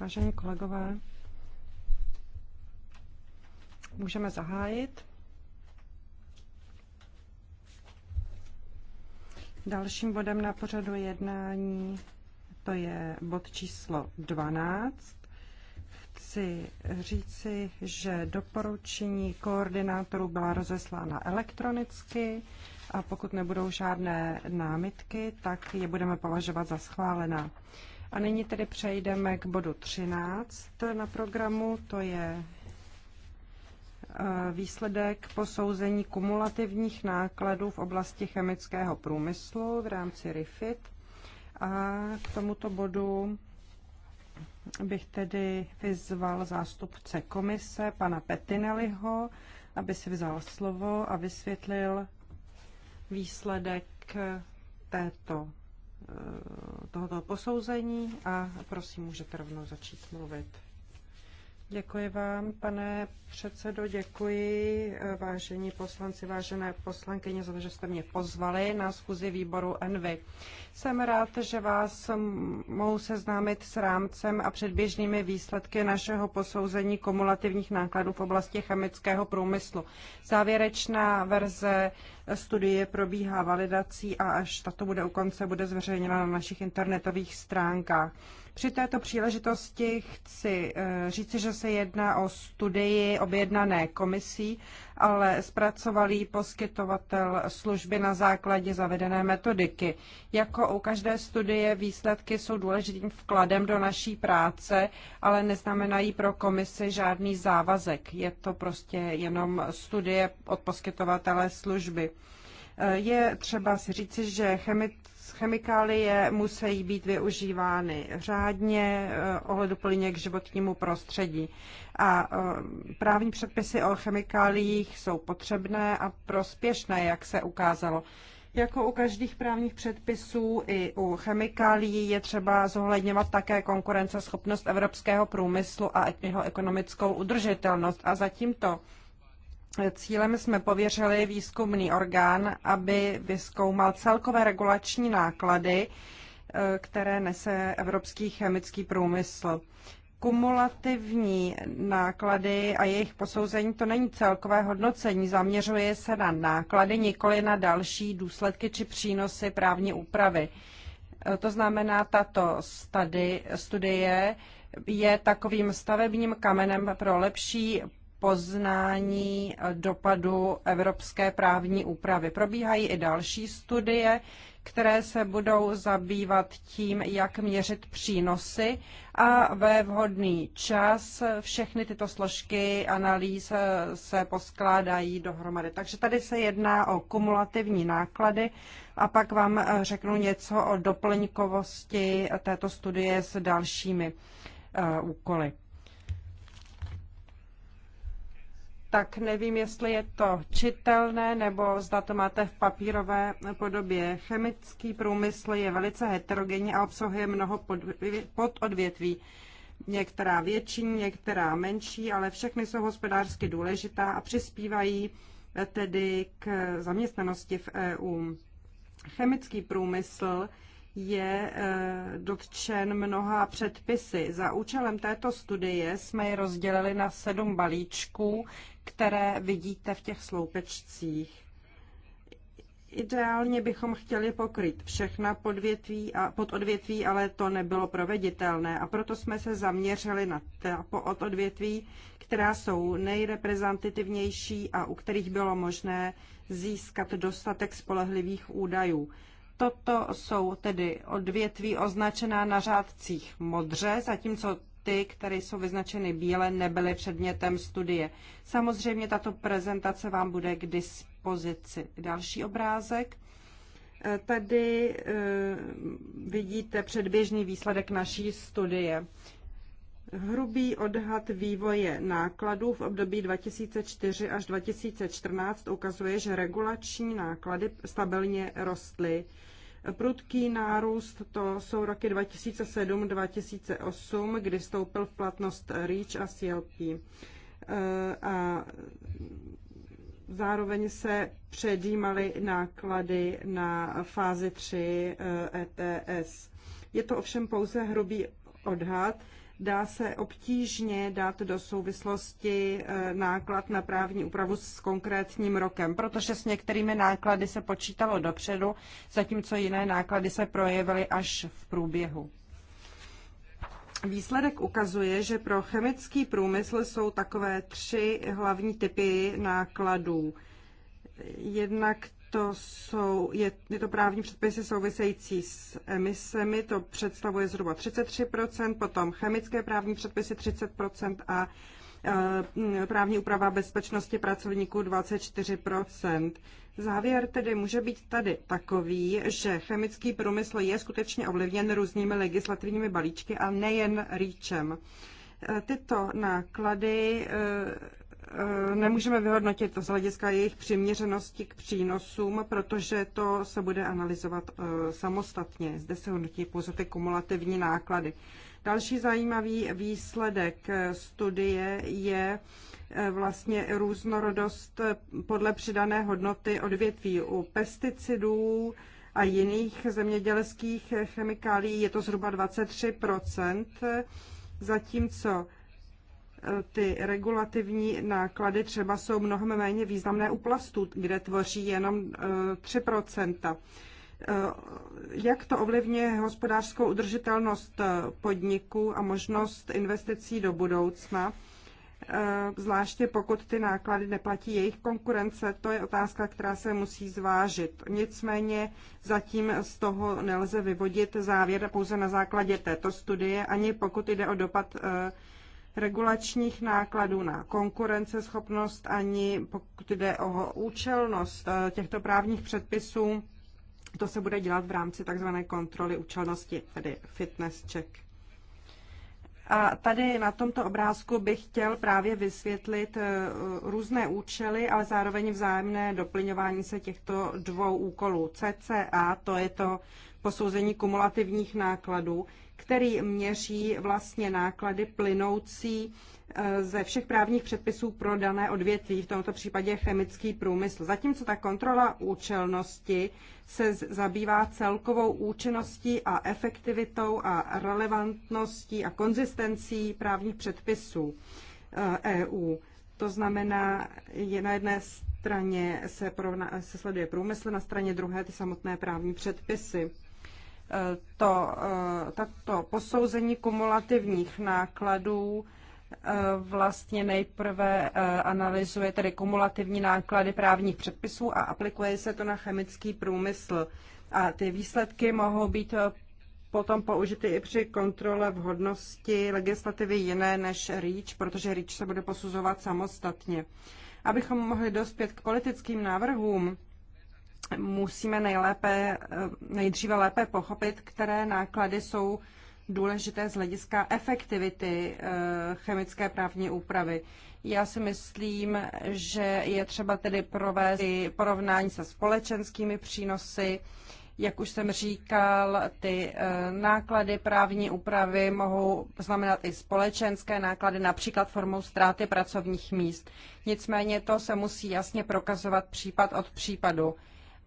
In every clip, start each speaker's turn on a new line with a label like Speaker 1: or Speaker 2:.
Speaker 1: Vážení kolegové, můžeme zahájit. Dalším bodem na pořadu jednání to je bod číslo 12. Chci říci, že doporučení koordinátorů byla rozeslána elektronicky a pokud nebudou žádné námitky, tak je budeme považovat za schválená. A nyní tedy přejdeme k bodu 13 na programu, to je eh, výsledek posouzení kumulativních nákladů v oblasti chemického průmyslu v rámci RIFIT. A k tomuto bodu bych tedy vyzval zástupce komise, pana Petinelliho, aby si vzal slovo a vysvětlil výsledek této, eh, tohoto posouzení a prosím, můžete rovnou začít mluvit. Děkuji vám, pane předsedo, děkuji eh, vážení poslanci, vážené poslankyně za to, že jste mě pozvali na schůzi výboru Envy. Jsem rád, že vás mohu seznámit s rámcem a předběžnými výsledky našeho posouzení kumulativních nákladů v oblasti chemického průmyslu. Závěrečná verze eh, studie probíhá validací a až tato bude u konce, bude zveřejněna na našich internetových stránkách. Při této příležitosti chci eh, říci, že se jedná o studii objednané komisí, ale zpracovalý poskytovatel služby na základě zavedené metodiky. Jako u každé studie výsledky jsou důležitým vkladem do naší práce, ale neznamenají pro komisi žádný závazek. Je to prostě jenom studie od poskytovatele služby. Eh, je třeba si říci, že chemické chemikálie musí být využívány řádně eh, ohleduplně k životnímu prostředí. A eh, právní předpisy o chemikáliích jsou potřebné a prospěšné, jak se ukázalo. Jako u každých právních předpisů i u chemikálií je třeba zohledňovat také konkurenceschopnost evropského průmyslu a jeho ekonomickou udržitelnost. A zatímto cílem jsme pověřili výzkumný orgán, aby vyskoumal celkové regulační náklady, eh, které nese evropský chemický průmysl. Kumulativní náklady a jejich posouzení to není celkové hodnocení, zaměřuje se na náklady, nikoli na další důsledky či přínosy právní úpravy. Eh, to znamená, tato study, studie je takovým stavebním kamenem pro lepší poznání eh, dopadu evropské právní úpravy. Probíhají i další studie, které se budou zabývat tím, jak měřit přínosy a ve vhodný čas všechny tyto složky analýz eh, se poskládají dohromady. Takže tady se jedná o kumulativní náklady a pak vám eh, řeknu něco o doplňkovosti této studie s dalšími úkoly. tak nevím, jestli je to čitelné, nebo zda to máte v papírové podobě. Chemický průmysl je velice heterogenní a obsahuje mnoho pododvětví. Některá větší, některá menší, ale všechny jsou hospodářsky důležitá a přispívají eh, tedy k eh, zaměstnanosti v EU. Chemický průmysl je eh, dotčen mnoha předpisy. Za účelem této studie jsme je rozdělili na sedm balíčků, které vidíte v těch sloupečcích. Ideálně bychom chtěli pokryt všechna podvětví a pododvětví, ale to nebylo proveditelné a proto jsme se zaměřili na ta pododvětví, která jsou nejreprezentativnější a u kterých bylo možné získat dostatek spolehlivých údajů. Toto jsou tedy odvětví označená na řádcích modře, zatímco ty, které jsou vyznačeny bíle, nebyly předmětem studie. Samozřejmě tato prezentace vám bude k dispozici. Další obrázek. E, tady e, vidíte předběžný výsledek naší studie. Hrubý odhad vývoje nákladů v období 2004 až 2014 ukazuje, že regulační náklady stabilně rostly. Prudký nárůst to jsou roky 2007-2008, kdy stoupil v platnost REACH a CLP. E, a zároveň se předjímaly náklady na fázi 3 ETS. E Je to ovšem pouze hrubý odhad dá se obtížně dát do souvislosti eh, náklad na právní úpravu s konkrétním rokem, protože s některými náklady se počítalo dopředu, zatímco jiné náklady se projevily až v průběhu. Výsledek ukazuje, že pro chemický průmysl jsou takové tři hlavní typy nákladů. Jednak to jsou, je, je to právní předpisy související s emisemi, to představuje zhruba 33%, potom chemické právní předpisy 30% a e, právní úprava bezpečnosti pracovníků 24%. Závěr tedy může být tady takový, že chemický průmysl je skutečně ovlivněn různými legislativními balíčky a nejen REACHem. E, tyto náklady e, Eh, nemůžeme vyhodnotit z hlediska jejich přiměřenosti k přínosům, protože to se bude analyzovat eh, samostatně. Zde se hodnotí pouze ty kumulativní náklady. Další zajímavý výsledek eh, studie je vlastně různorodost podle přidané hodnoty odvětví u pesticidů a jiných zemědělských chemikálií je to zhruba 23 zatímco ty regulativní náklady třeba jsou mnohem méně významné u plastů, kde tvoří jenom 3 eh, eh, Jak to ovlivňuje hospodářskou udržitelnost eh, podniků a možnost investicí do budoucna? zvláště pokud ty náklady neplatí jejich konkurence, to je otázka, která se musí zvážit. Nicméně zatím z toho nelze vyvodit závěr pouze na základě této studie, ani pokud jde o dopad regulačních nákladů na konkurenceschopnost, ani pokud jde o účelnost eh, těchto právních předpisů. To se bude dělat v rámci tzv. kontroly účelnosti, tedy fitness check. A tady na tomto obrázku bych chtěl právě vysvětlit eh, různé účely, ale zároveň vzájemné doplňování se těchto dvou úkolů. CCA, to je to posouzení kumulativních nákladů, který měří vlastně náklady plynoucí eh, ze všech právních předpisů pro dané odvětví, v tomto případě chemický průmysl. Zatímco ta kontrola účelnosti se zabývá celkovou účinností a efektivitou a relevantností a konzistencí právních předpisů EU. Eh, e to znamená, je na jedné straně se, porovna, se sleduje průmysl, na straně druhé ty samotné právní předpisy to, eh, tato posouzení kumulativních nákladů eh, vlastně nejprve eh, analyzuje tedy kumulativní náklady právních předpisů a aplikuje se to na chemický průmysl. A ty výsledky mohou být potom použity i při kontrole vhodnosti legislativy jiné než REACH, protože REACH se bude posuzovat samostatně. Abychom mohli dospět k politickým návrhům, musíme nejlépe, eh, nejdříve lépe pochopit, které náklady jsou důležité z hlediska efektivity eh, chemické právní úpravy. Já si myslím, že je třeba tedy provést porovnání se společenskými přínosy. Jak už jsem říkal, ty eh, náklady právní úpravy mohou znamenat i společenské náklady, například formou ztráty pracovních míst. Nicméně to se musí jasně prokazovat případ od případu.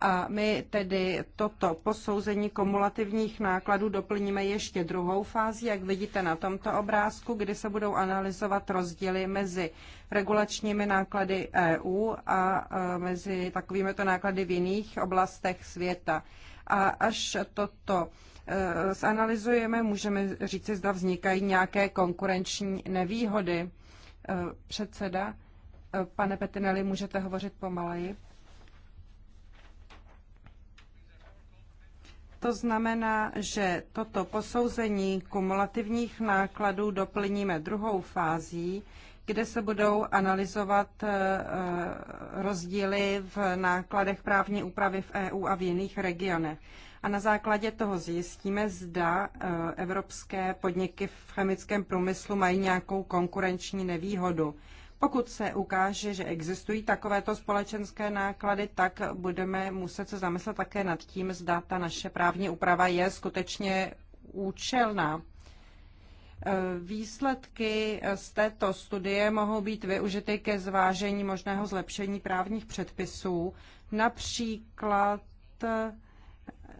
Speaker 1: A my tedy toto posouzení kumulativních nákladů doplníme ještě druhou fází, jak vidíte na tomto obrázku, kdy se budou analyzovat rozdíly mezi regulačními náklady EU a e, mezi takovýmito náklady v jiných oblastech světa. A až toto e, zanalizujeme, můžeme říci, zda vznikají nějaké konkurenční nevýhody. E, předseda, pane Petinelli, můžete hovořit pomaleji? To znamená, že toto posouzení kumulativních nákladů doplníme druhou fází, kde se budou analyzovat eh, rozdíly v nákladech právní úpravy v EU a v jiných regionech. A na základě toho zjistíme, zda eh, evropské podniky v chemickém průmyslu mají nějakou konkurenční nevýhodu. Pokud se ukáže, že existují takovéto společenské náklady, tak budeme muset se zamyslet také nad tím, zda ta naše právní úprava je skutečně účelná. E, výsledky z této studie mohou být využity ke zvážení možného zlepšení právních předpisů, například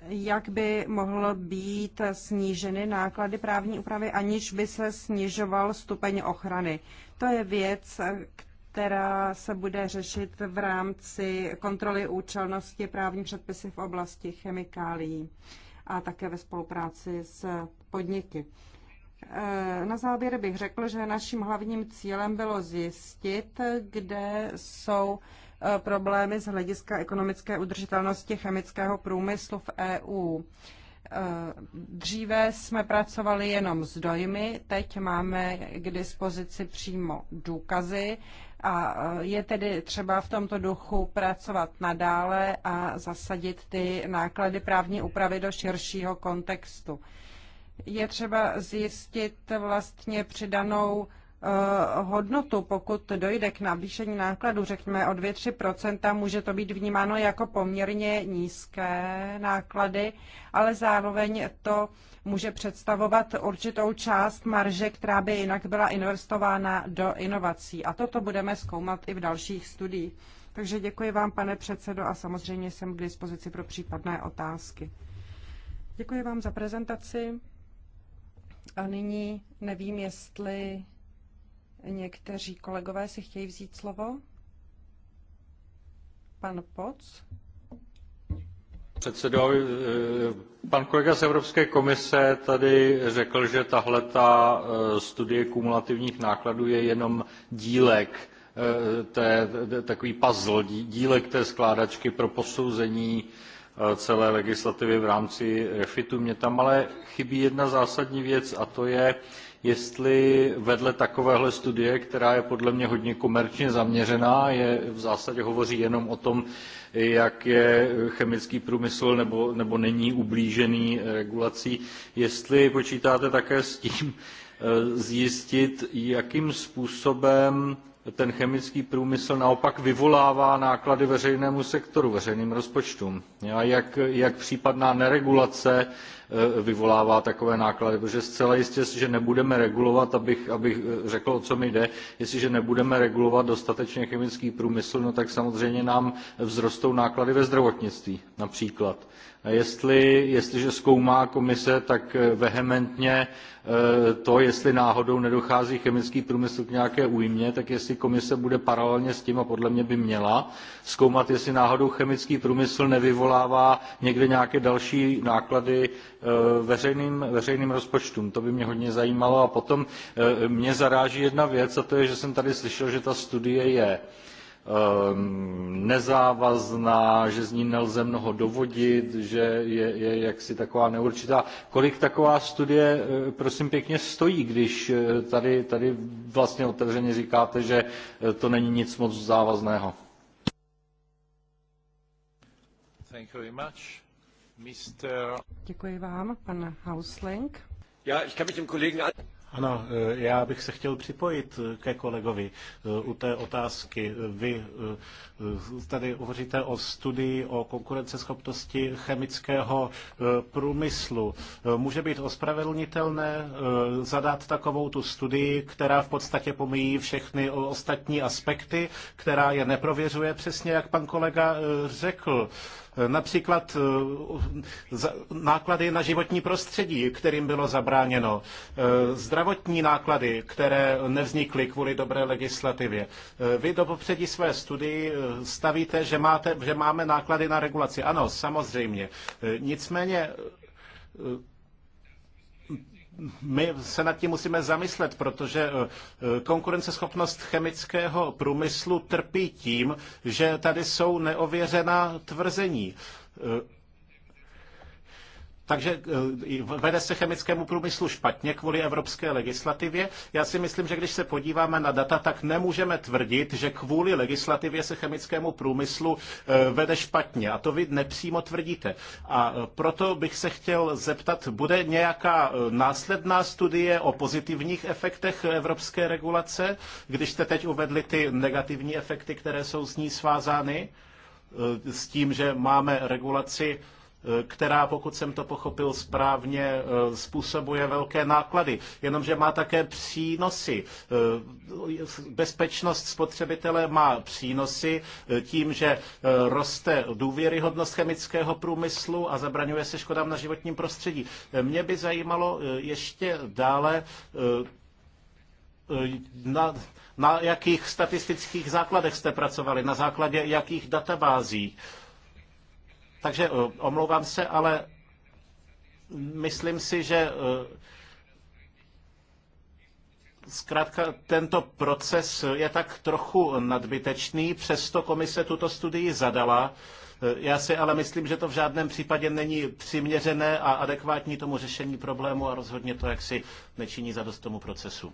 Speaker 1: jak by mohlo být sníženy náklady právní úpravy, aniž by se snižoval stupeň ochrany. To je věc, která se bude řešit v rámci kontroly účelnosti právní předpisy v oblasti chemikálií a také ve spolupráci s podniky. E, na závěr bych řekl, že naším hlavním cílem bylo zjistit, kde jsou e, problémy z hlediska ekonomické udržitelnosti chemického průmyslu v EU. Eh, dříve jsme pracovali jenom s dojmy, teď máme k dispozici přímo důkazy a eh, je tedy třeba v tomto duchu pracovat nadále a zasadit ty náklady právní úpravy do širšího kontextu. Je třeba zjistit vlastně přidanou Eh, hodnotu, pokud dojde k navýšení nákladu, řekněme o 2-3%, může to být vnímáno jako poměrně nízké náklady, ale zároveň to může představovat určitou část marže, která by jinak byla investována do inovací. A toto budeme zkoumat i v dalších studiích. Takže děkuji vám, pane předsedo, a samozřejmě jsem k dispozici pro případné otázky. Děkuji vám za prezentaci. A nyní nevím, jestli Někteří kolegové si chtějí vzít slovo. Pan Poc.
Speaker 2: Předsedo, eh, pan kolega z Evropské komise tady řekl, že tahle ta eh, studie kumulativních nákladů je jenom dílek eh, té, takový puzzle, dílek té skládačky pro posouzení celé legislativy v rámci refitu. Mě tam ale chybí jedna zásadní věc a to je, jestli vedle takovéhle studie, která je podle mě hodně komerčně zaměřená, je v zásadě hovoří jenom o tom, jak je chemický průmysl nebo, nebo není ublížený regulací, jestli počítáte také s tím eh, zjistit, jakým způsobem ten chemický průmysl naopak vyvolává náklady veřejnému sektoru, veřejným rozpočtům. A jak, jak případná neregulace Eh, vyvolává takové náklady, protože zcela jistě, jestliže nebudeme regulovat, abych, abych eh, řekl, o co mi jde, jestliže nebudeme regulovat dostatečně chemický průmysl, no tak samozřejmě nám vzrostou náklady ve zdravotnictví například. Jestli, jestliže zkoumá komise tak eh, vehementně to, jestli náhodou nedochází chemický průmysl k nějaké újmě, tak jestli komise bude paralelně s tím, a podle mě by měla, zkoumat, jestli náhodou chemický průmysl nevyvolává někde nějaké další náklady Eh, veřejným, rozpočtům. To by mě hodně zajímalo. A potom eh, mě zaráží jedna věc, a to je, že jsem tady slyšel, že ta studie je ehm, nezávazná, že z ní nelze mnoho dovodit, že je, je jaksi taková neurčitá. Kolik taková studie, eh, prosím pěkně, stojí, když tady, tady vlastně otevřeně říkáte, že to není nic moc závazného?
Speaker 3: Thank you very much.
Speaker 1: Děkuji vám, pan Hausling.
Speaker 4: Já,
Speaker 3: ich kann mich dem Kollegen Ano, eh, já bych se chtěl připojit eh, ke kolegovi eh, u té otázky. Vy tady hovoříte o studii o konkurenceschopnosti chemického průmyslu. Může být ospravedlnitelné zadat takovou tu studii, která v podstatě pomíjí všechny ostatní aspekty, která je neprověřuje přesně, jak pan kolega řekl. Například eh, náklady na životní prostředí, kterým bylo zabráněno, eh, zdravotní náklady, které nevznikly kvůli dobré legislativě. Eh, vy do popředí své studii stavíte, že, máte, že máme náklady na regulaci. Ano, samozřejmě. Nicméně my se nad tím musíme zamyslet, protože eh, eh, konkurenceschopnost chemického průmyslu trpí tím, že tady jsou neověřená tvrzení. Eh, takže eh, vede se chemickému průmyslu špatně kvůli evropské legislativě. Já si myslím, že když se podíváme na data, tak nemůžeme tvrdit, že kvůli legislativě se chemickému průmyslu eh, vede špatně. A to vy nepřímo tvrdíte. A eh, proto bych se chtěl zeptat, bude nějaká následná studie o pozitivních efektech evropské regulace, když jste teď uvedli ty negativní efekty, které jsou s ní svázány, s tím, že máme regulaci Eh, která, pokud jsem to pochopil správně, eh, způsobuje velké náklady, jenomže má také přínosy. Eh, bezpečnost spotřebitele má přínosy tím, že roste důvěryhodnost chemického průmyslu a zabraňuje se škodám na životním prostředí. Mě by zajímalo ještě dále, na, na jakých statistických základech jste pracovali, na základě jakých databází. Takže eh, omlouvám se, ale myslím si, že eh, zkrátka tento proces je tak trochu nadbytečný, přesto komise tuto studii zadala. Eh, já si ale myslím, že to v žádném případě není přiměřené a adekvátní tomu řešení problému a rozhodně to jaksi nečiní zadost tomu procesu.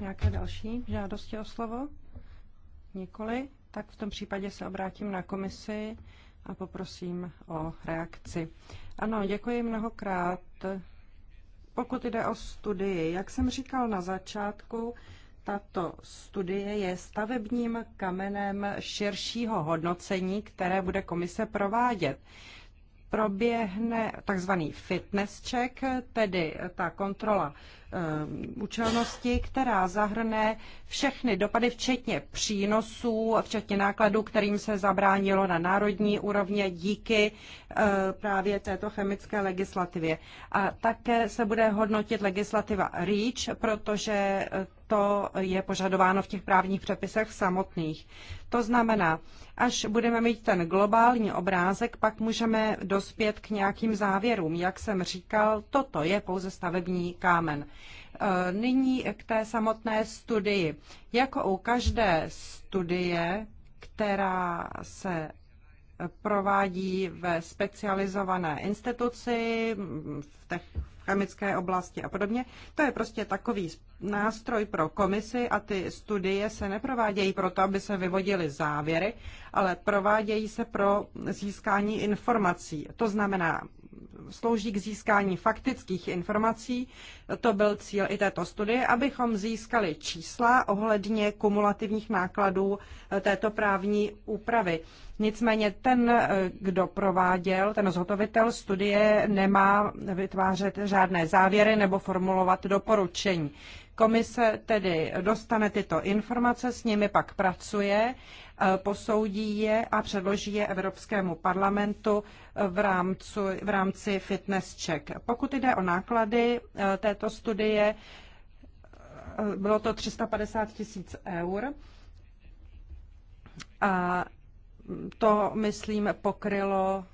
Speaker 1: Nějaké další žádosti o slovo? Nikoli tak v tom případě se obrátím na komisi a poprosím o reakci. Ano, děkuji mnohokrát. Pokud jde o studii, jak jsem říkal na začátku, tato studie je stavebním kamenem širšího hodnocení, které bude komise provádět. Proběhne takzvaný fitness check, tedy ta kontrola Eh, účelnosti, která zahrne všechny dopady, včetně přínosů, včetně nákladů, kterým se zabránilo na národní úrovně díky eh, právě této chemické legislativě. A také se bude hodnotit legislativa REACH, protože eh, to je požadováno v těch právních přepisech samotných. To znamená, až budeme mít ten globální obrázek, pak můžeme dospět k nějakým závěrům. Jak jsem říkal, toto je pouze stavební kámen. E, nyní k té samotné studii. Jako u každé studie, která se provádí ve specializované instituci, v, tech, chemické oblasti a podobně. To je prostě takový nástroj pro komisi a ty studie se neprovádějí proto, aby se vyvodily závěry, ale provádějí se pro získání informací. To znamená, slouží k získání faktických informací. To byl cíl i této studie, abychom získali čísla ohledně kumulativních nákladů eh, této právní úpravy. Nicméně ten, eh, kdo prováděl, ten zhotovitel studie nemá vytvářet žádné závěry nebo formulovat doporučení. Komise tedy dostane tyto informace, s nimi pak pracuje Eh, posoudí je a předloží je Evropskému parlamentu v rámci, v rámci fitness check. Pokud jde o náklady eh, této studie, eh, bylo to 350 tisíc eur. A to, myslím, pokrylo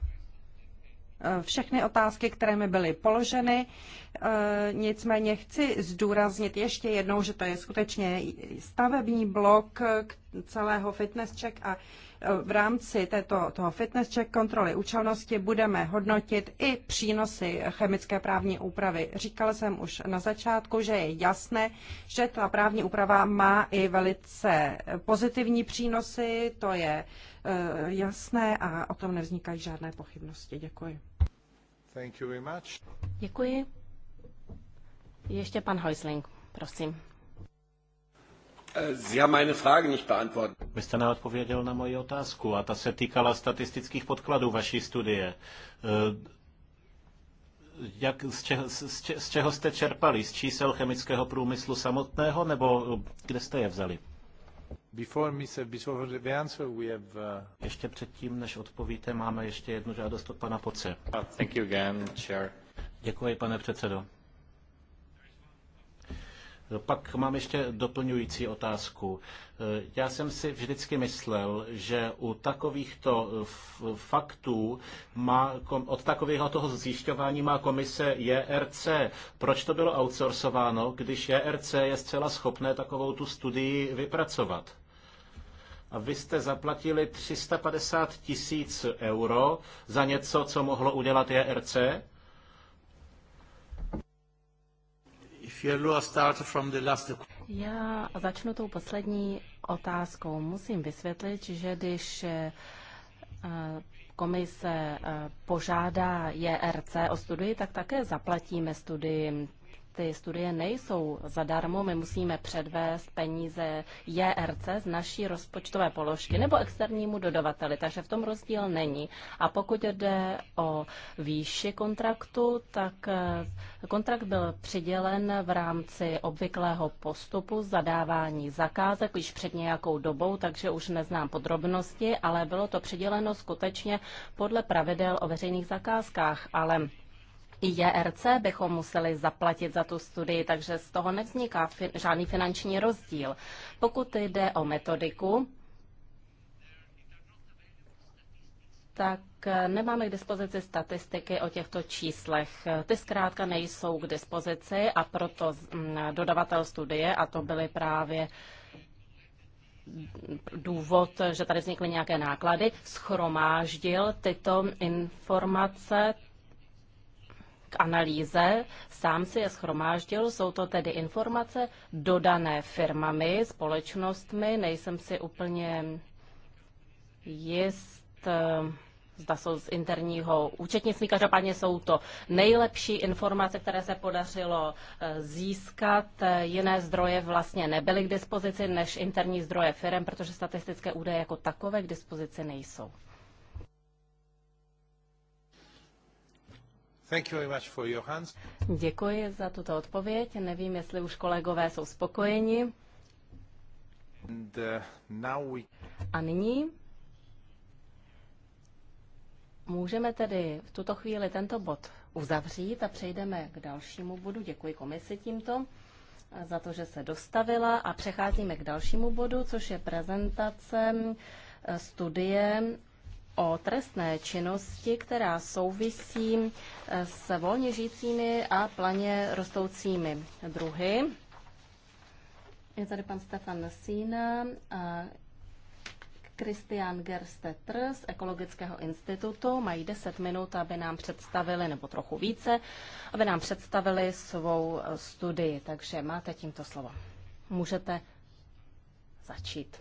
Speaker 1: Eh, všechny otázky, které mi byly položeny. Eh, nicméně chci zdůraznit ještě jednou, že to je skutečně stavební blok eh, celého fitness check a v rámci této, toho fitness check kontroly účelnosti budeme hodnotit i přínosy chemické právní úpravy. Říkal jsem už na začátku, že je jasné, že ta právní úprava má i velice pozitivní přínosy, to je jasné a o tom nevznikají žádné pochybnosti. Děkuji.
Speaker 4: Děkuji. Ještě pan Heusling, prosím.
Speaker 3: Äh, Sie haben meine Frage nicht beantwortet. Vy jste neodpověděl na moji otázku a ta se týkala statistických podkladů vaší studie. Äh, jak, z, čeho, z, čeho jste čerpali? Z čísel chemického průmyslu samotného nebo kde jste je vzali? Before, we have, uh, Ještě předtím, než odpovíte, máme ještě jednu žádost od pana Poce. Thank you again, chair. Děkuji, pane předsedo. Pak mám ještě doplňující otázku. Eh, já jsem si vždycky myslel, že u takovýchto eh, faktů má, od takového toho zjišťování má komise JRC. Proč to bylo outsourcováno, když JRC je zcela schopné takovou tu studii vypracovat? A vy jste zaplatili 350 tisíc euro za něco, co mohlo udělat JRC?
Speaker 4: Já začnu tou poslední otázkou. Musím vysvětlit, že když eh, komise eh, požádá JRC o studii, tak také zaplatíme studii ty studie nejsou zadarmo, my musíme předvést peníze JRC z naší rozpočtové položky nebo externímu dodavateli, takže v tom rozdíl není. A pokud jde o výši kontraktu, tak eh, kontrakt byl přidělen v rámci obvyklého postupu zadávání zakázek již před nějakou dobou, takže už neznám podrobnosti, ale bylo to přiděleno skutečně podle pravidel o veřejných zakázkách, ale IRC bychom museli zaplatit za tu studii, takže z toho nevzniká fi- žádný finanční rozdíl. Pokud jde o metodiku, tak eh, nemáme k dispozici statistiky o těchto číslech. Ty zkrátka nejsou k dispozici a proto mm, dodavatel studie, a to byly právě důvod, že tady vznikly nějaké náklady, schromáždil tyto informace, k analýze, sám si je schromáždil, jsou to tedy informace dodané firmami, společnostmi, nejsem si úplně jist, eh, zda jsou z interního účetnictví. Každopádně jsou to nejlepší informace, které se podařilo eh, získat. Jiné zdroje vlastně nebyly k dispozici než interní zdroje firm, protože statistické údaje jako takové k dispozici nejsou. Děkuji za tuto odpověď. Nevím, jestli už kolegové jsou spokojeni.
Speaker 3: Uh,
Speaker 4: a nyní můžeme tedy v tuto chvíli tento bod uzavřít a přejdeme k dalšímu bodu. Děkuji komisi tímto za to, že se dostavila a přecházíme k dalšímu bodu, což je prezentace eh, studie o trestné činnosti, která souvisí eh, s volně žijícími a planě rostoucími druhy. Je tady pan Stefan Sýna a Christian Gerstetr z Ekologického institutu. Mají 10 minut, aby nám představili, nebo trochu více, aby nám představili svou eh, studii. Takže máte tímto slovo. Můžete začít.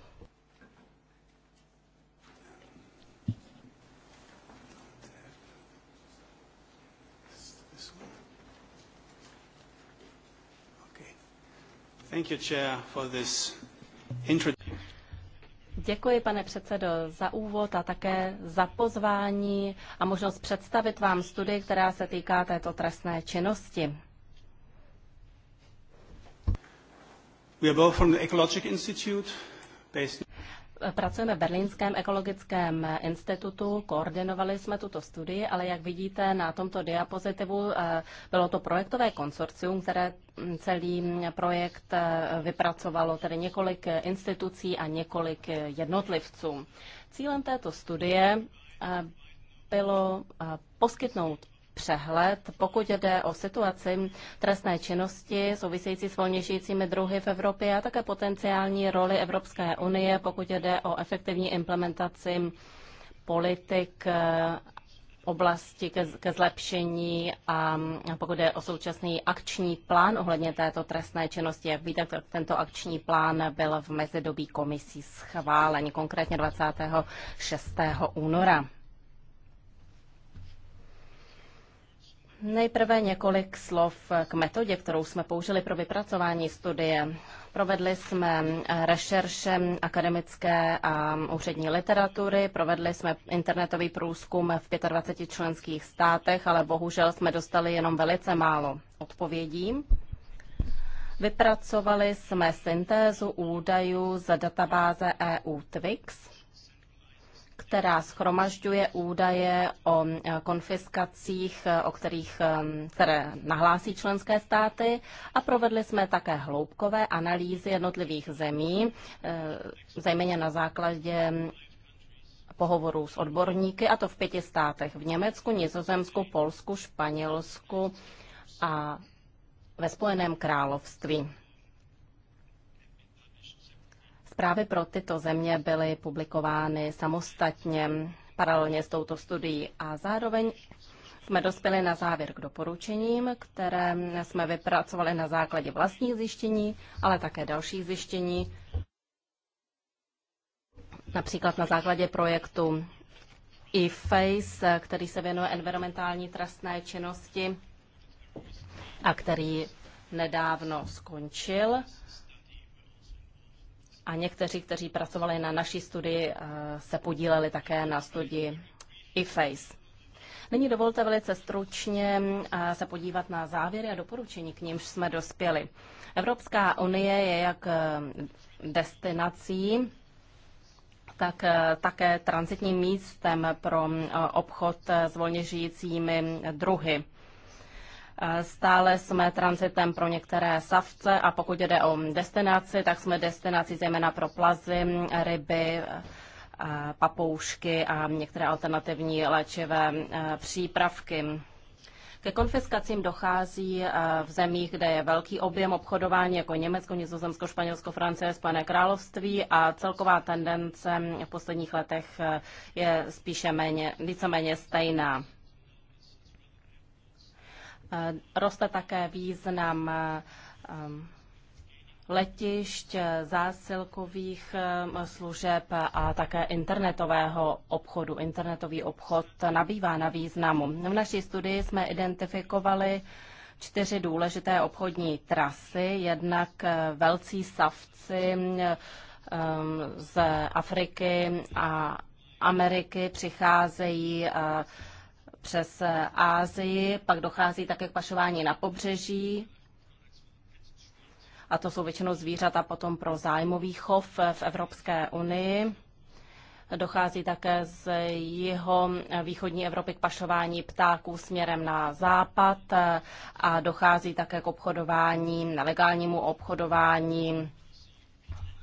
Speaker 4: Děkuji, pane předsedo, za úvod a také za pozvání a možnost představit vám studii, která se týká této trestné činnosti pracujeme v Berlínském ekologickém institutu, koordinovali jsme tuto studii, ale jak vidíte na tomto diapozitivu, eh, bylo to projektové konsorcium, které celý projekt eh, vypracovalo, tedy několik institucí a několik jednotlivců. Cílem této studie eh, bylo poskytnout přehled, pokud jde o situaci trestné činnosti související s volně žijícími druhy v Evropě a také potenciální roli Evropské unie, pokud jde o efektivní implementaci politik eh, oblasti ke, ke zlepšení a pokud je o současný akční plán ohledně této trestné činnosti, jak víte, tento akční plán byl v mezidobí komisí schválen konkrétně 26. února. Nejprve několik slov k metodě, kterou jsme použili pro vypracování studie. Provedli jsme eh, rešerše akademické a úřední literatury, provedli jsme internetový průzkum v 25 členských státech, ale bohužel jsme dostali jenom velice málo odpovědí. Vypracovali jsme syntézu údajů z databáze EU Twix která schromažďuje údaje o eh, konfiskacích, eh, o kterých, eh, které nahlásí členské státy a provedli jsme také hloubkové analýzy jednotlivých zemí, zejména na základě pohovorů s odborníky, a to v pěti státech. V Německu, Nizozemsku, Polsku, Španělsku a ve Spojeném království. Zprávy pro tyto země byly publikovány samostatně paralelně s touto studií a zároveň jsme dospěli na závěr k doporučením, které jsme vypracovali na základě vlastních zjištění, ale také dalších zjištění, například na základě projektu e-Face, který se věnuje environmentální trestné činnosti a který nedávno skončil a někteří, kteří pracovali na naší studii, eh, se podíleli také na studii IFACE. Nyní dovolte velice stručně eh, se podívat na závěry a doporučení, k nímž jsme dospěli. Evropská unie je jak eh, destinací, tak také transitním místem pro obchod s volně žijícími druhy. Eh, stále jsme transitem pro některé savce a pokud jde o destinaci, tak jsme destinací zejména pro plazy, ryby, eh, papoušky a některé alternativní léčivé eh, přípravky. Ke konfiskacím dochází v zemích, kde je velký objem obchodování, jako Německo, Nizozemsko, Španělsko, Francie, Spojené království a celková tendence v posledních letech je spíše méně, víceméně stejná. Eh, roste také význam eh, letišť, eh, zásilkových služeb a také internetového obchodu. Internetový obchod nabývá na významu. V naší studii jsme identifikovali čtyři důležité obchodní trasy, jednak velcí savci z Afriky a Ameriky přicházejí přes Ázii, pak dochází také k pašování na pobřeží. A to jsou většinou zvířata potom pro zájmový chov v Evropské unii. Dochází také z jeho východní Evropy k pašování ptáků směrem na západ a dochází také k obchodování, nelegálnímu obchodování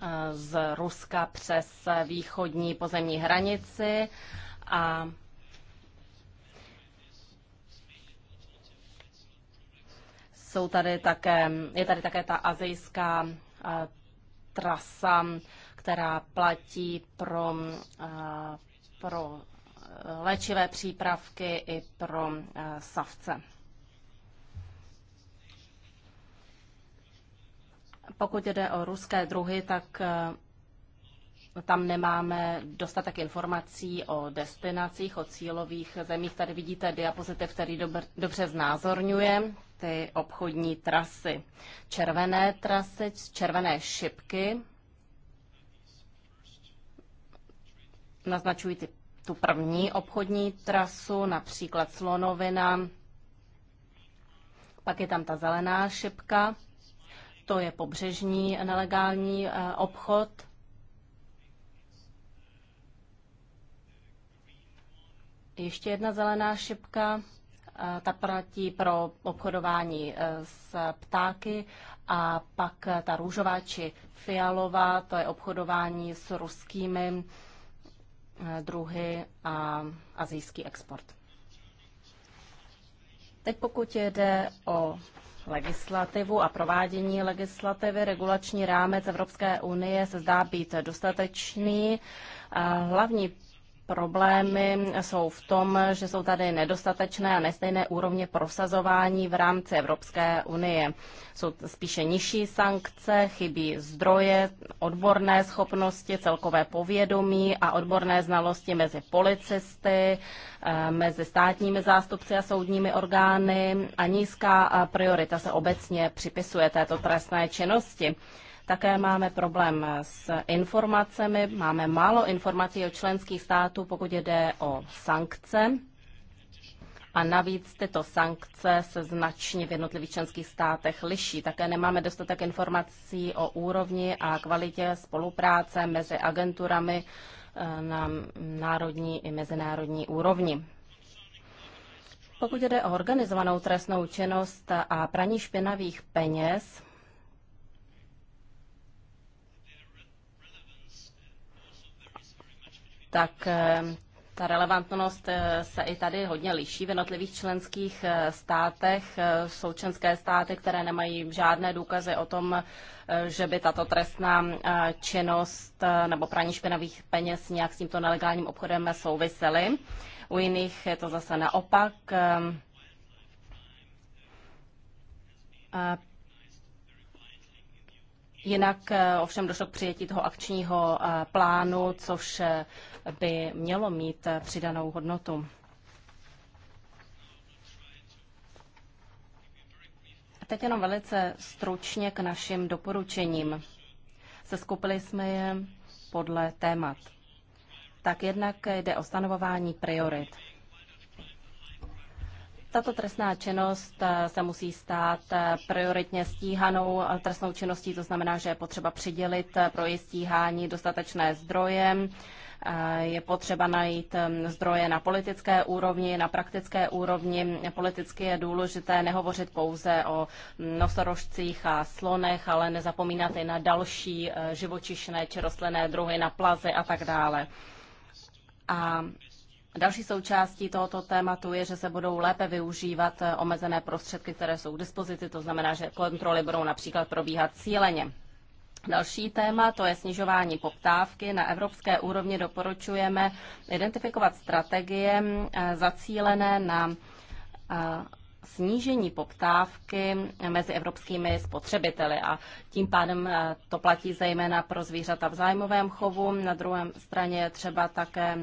Speaker 4: eh, z Ruska přes východní pozemní hranici a jsou tady také, je tady také ta azijská eh, trasa, která platí pro, eh, pro eh, léčivé přípravky i pro savce. Pokud jde o ruské druhy, tak No, tam nemáme dostatek informací o destinacích, o cílových zemích. Tady vidíte diapozitiv, který dobr, dobře znázorňuje ty obchodní trasy. Červené trasy, červené šipky naznačují ty, tu první obchodní trasu, například slonovina. Pak je tam ta zelená šipka, to je pobřežní nelegální eh, obchod – Ještě jedna zelená šipka, ta platí pro obchodování e, s ptáky a pak e, ta růžová či fialová, to je obchodování s ruskými e, druhy a azijský export. Teď pokud jde o legislativu a provádění legislativy, regulační rámec Evropské unie se zdá být dostatečný. Hlavní problémy jsou v tom, že jsou tady nedostatečné a nestejné úrovně prosazování v rámci Evropské unie. Jsou spíše nižší sankce, chybí zdroje, odborné schopnosti, celkové povědomí a odborné znalosti mezi policisty, eh, mezi státními zástupci a soudními orgány a nízká eh, priorita se obecně připisuje této trestné činnosti. Také máme problém s informacemi, máme málo informací o členských států, pokud jde o sankce. A navíc tyto sankce se značně v jednotlivých členských státech liší. Také nemáme dostatek informací o úrovni a kvalitě spolupráce mezi agenturami eh, na národní i mezinárodní úrovni. Pokud jde o organizovanou trestnou činnost a praní špinavých peněz, tak eh, ta relevantnost eh, se i tady hodně liší v jednotlivých členských eh, státech. Jsou členské státy, které nemají žádné důkazy o tom, že by tato trestná činnost nebo praní špinavých peněz nějak s tímto nelegálním obchodem souvisely. U jiných je to zase naopak. Jinak eh, ovšem došlo k přijetí toho akčního eh, plánu, což eh, by mělo mít přidanou hodnotu. Teď jenom velice stručně k našim doporučením. Seskupili jsme je podle témat. Tak jednak jde o stanovování priorit. Tato trestná činnost eh, se musí stát eh, prioritně stíhanou eh, trestnou činností, to znamená, že je potřeba přidělit pro její stíhání dostatečné zdroje. Je potřeba najít zdroje na politické úrovni, na praktické úrovni. Politicky je důležité nehovořit pouze o nosorožcích a slonech, ale nezapomínat i na další živočišné či rostlinné druhy, na plazy a tak dále. A Další součástí tohoto tématu je, že se budou lépe využívat eh, omezené prostředky, které jsou k dispozici, to znamená, že kontroly budou například probíhat cíleně. Další téma, to je snižování poptávky. Na evropské úrovni doporučujeme identifikovat strategie eh, zacílené na eh, snížení poptávky mezi evropskými spotřebiteli a tím pádem to platí zejména pro zvířata v zájmovém chovu. Na druhé straně třeba také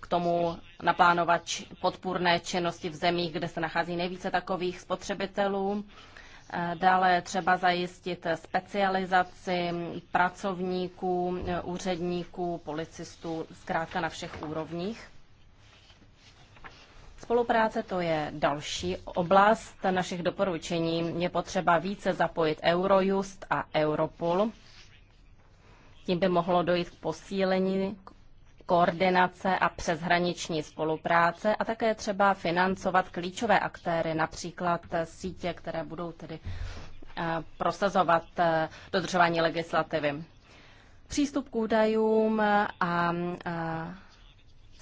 Speaker 4: k tomu naplánovat podpůrné činnosti v zemích, kde se nachází nejvíce takových spotřebitelů. Eh, dále třeba zajistit specializaci pracovníků, eh, úředníků, policistů, zkrátka na všech úrovních. Spolupráce to je další oblast našich doporučení. Je potřeba více zapojit Eurojust a Europol. Tím by mohlo dojít k posílení koordinace a přeshraniční spolupráce a také třeba financovat klíčové aktéry, například sítě, které budou tedy eh, prosazovat eh, dodržování legislativy. Přístup k údajům a eh,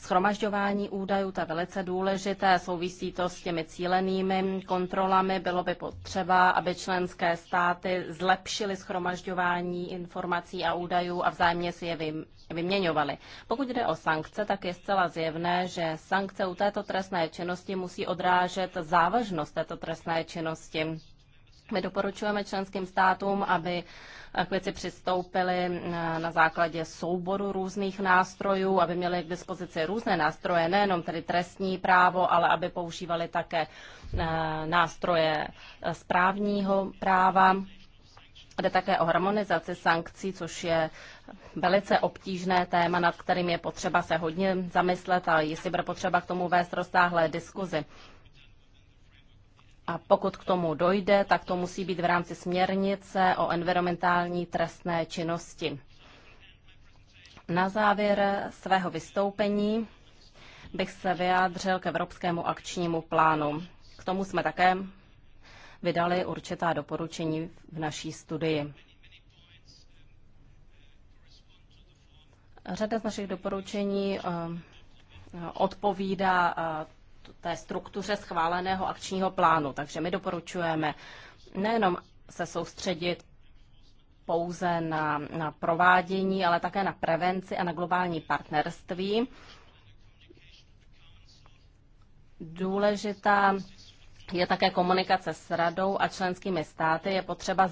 Speaker 4: schromažďování údajů, to je velice důležité, souvisí to s těmi cílenými kontrolami. Bylo by potřeba, aby členské státy zlepšily schromažďování informací a údajů a vzájemně si je vyměňovaly. Pokud jde o sankce, tak je zcela zjevné, že sankce u této trestné činnosti musí odrážet závažnost této trestné činnosti. My doporučujeme členským státům, aby k věci přistoupili na základě souboru různých nástrojů, aby měli k dispozici různé nástroje, nejenom tedy trestní právo, ale aby používali také eh, nástroje eh, správního práva. Jde také o harmonizaci sankcí, což je velice obtížné téma, nad kterým je potřeba se hodně zamyslet a jestli bude potřeba k tomu vést rozsáhlé diskuzi. A pokud k tomu dojde, tak to musí být v rámci směrnice o environmentální trestné činnosti. Na závěr svého vystoupení bych se vyjádřil k Evropskému akčnímu plánu. K tomu jsme také vydali určitá doporučení v naší studii. Řada z našich doporučení eh, odpovídá eh, té struktuře schváleného akčního plánu. Takže my doporučujeme nejenom se soustředit pouze na, na provádění, ale také na prevenci a na globální partnerství. Důležitá je také komunikace s radou a členskými státy. Je potřeba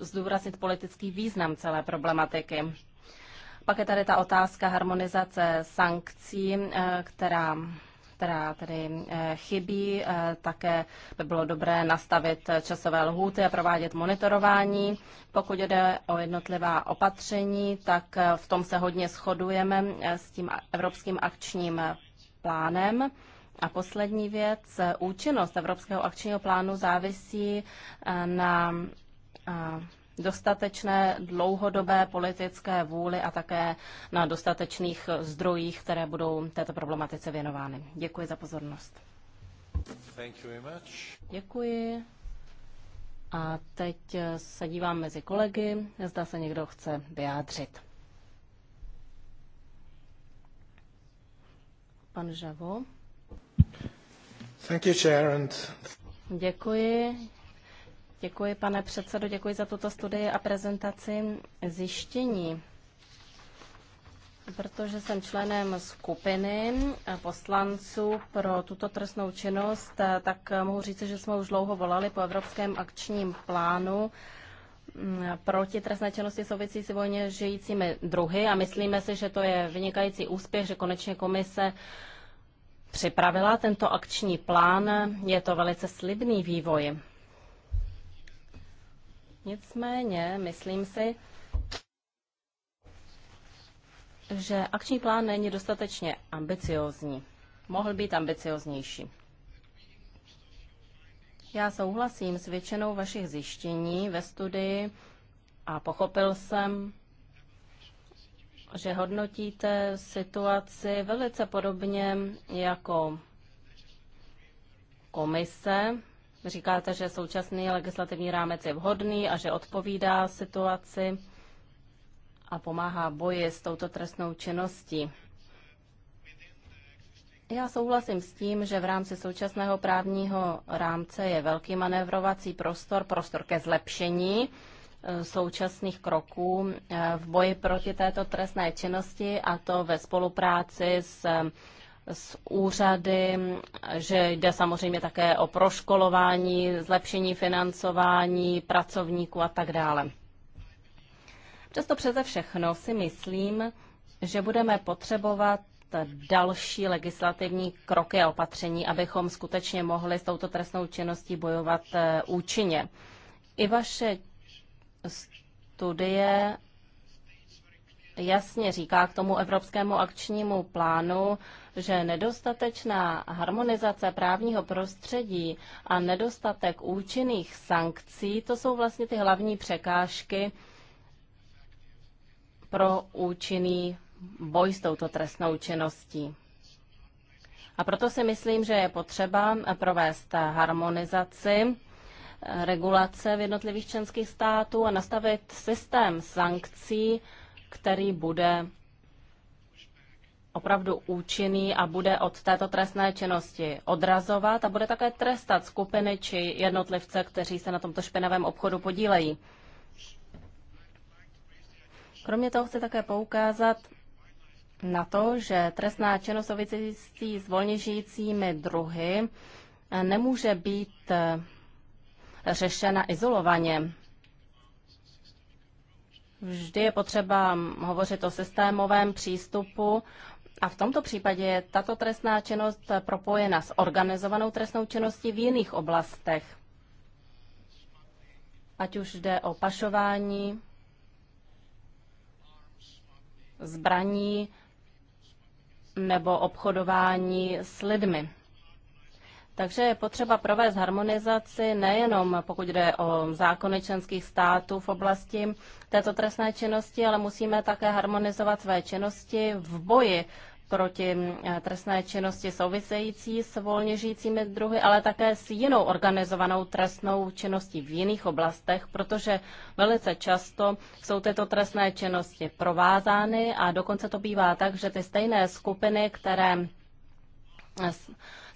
Speaker 4: zdůraznit politický význam celé problematiky. Pak je tady ta otázka harmonizace sankcí, eh, která která tedy eh, chybí. Eh, také by bylo dobré nastavit časové lhůty a provádět monitorování. Pokud jde o jednotlivá opatření, tak eh, v tom se hodně shodujeme s tím Evropským akčním plánem. A poslední věc, účinnost Evropského akčního plánu závisí na dostatečné dlouhodobé politické vůli a také na dostatečných zdrojích, které budou této problematice věnovány. Děkuji za pozornost. Děkuji. A teď se dívám mezi kolegy, zda se někdo chce vyjádřit. Pan Žavo.
Speaker 2: Thank you, Chair, and...
Speaker 4: Děkuji. Děkuji, pane předsedo, děkuji za tuto studii a prezentaci zjištění. Protože jsem členem skupiny poslanců pro tuto trestnou činnost, tak mohu říct, že jsme už dlouho volali po Evropském akčním plánu mm, proti trestné činnosti souvisí s vojně žijícími druhy a myslíme si, že to je vynikající úspěch, že konečně komise připravila tento akční plán. Je to velice slibný vývoj. Nicméně, myslím si, že akční plán není dostatečně ambiciozní. Mohl být ambicioznější. Já souhlasím s většinou vašich zjištění ve studii a pochopil jsem, že hodnotíte situaci velice podobně jako komise Říkáte, že současný legislativní rámec je vhodný a že odpovídá situaci a pomáhá boji s touto trestnou činností. Já souhlasím s tím, že v rámci současného právního rámce je velký manévrovací prostor, prostor ke zlepšení e, současných kroků e, v boji proti této trestné činnosti a to ve spolupráci s s úřady, že jde samozřejmě také o proškolování, zlepšení financování pracovníků a tak dále. Přesto přeze všechno si myslím, že budeme potřebovat další legislativní kroky a opatření, abychom skutečně mohli s touto trestnou činností bojovat eh, účinně. I vaše studie jasně říká k tomu Evropskému akčnímu plánu, že nedostatečná harmonizace právního prostředí a nedostatek účinných sankcí, to jsou vlastně ty hlavní překážky pro účinný boj s touto trestnou činností. A proto si myslím, že je potřeba provést harmonizaci eh, regulace v jednotlivých členských států a nastavit systém sankcí, který bude opravdu účinný a bude od této trestné činnosti odrazovat a bude také trestat skupiny či jednotlivce, kteří se na tomto špinavém obchodu podílejí. Kromě toho chci také poukázat na to, že trestná činnost související s volně žijícími druhy nemůže být eh, řešena izolovaně. Vždy je potřeba hovořit o systémovém přístupu a v tomto případě je tato trestná činnost propojena s organizovanou trestnou činností v jiných oblastech. Ať už jde o pašování, zbraní nebo obchodování s lidmi. Takže je potřeba provést harmonizaci nejenom pokud jde o zákony členských států v oblasti této trestné činnosti, ale musíme také harmonizovat své činnosti v boji proti eh, trestné činnosti související s volně žijícími druhy, ale také s jinou organizovanou trestnou činností v jiných oblastech, protože velice často jsou tyto trestné činnosti provázány a dokonce to bývá tak, že ty stejné skupiny, které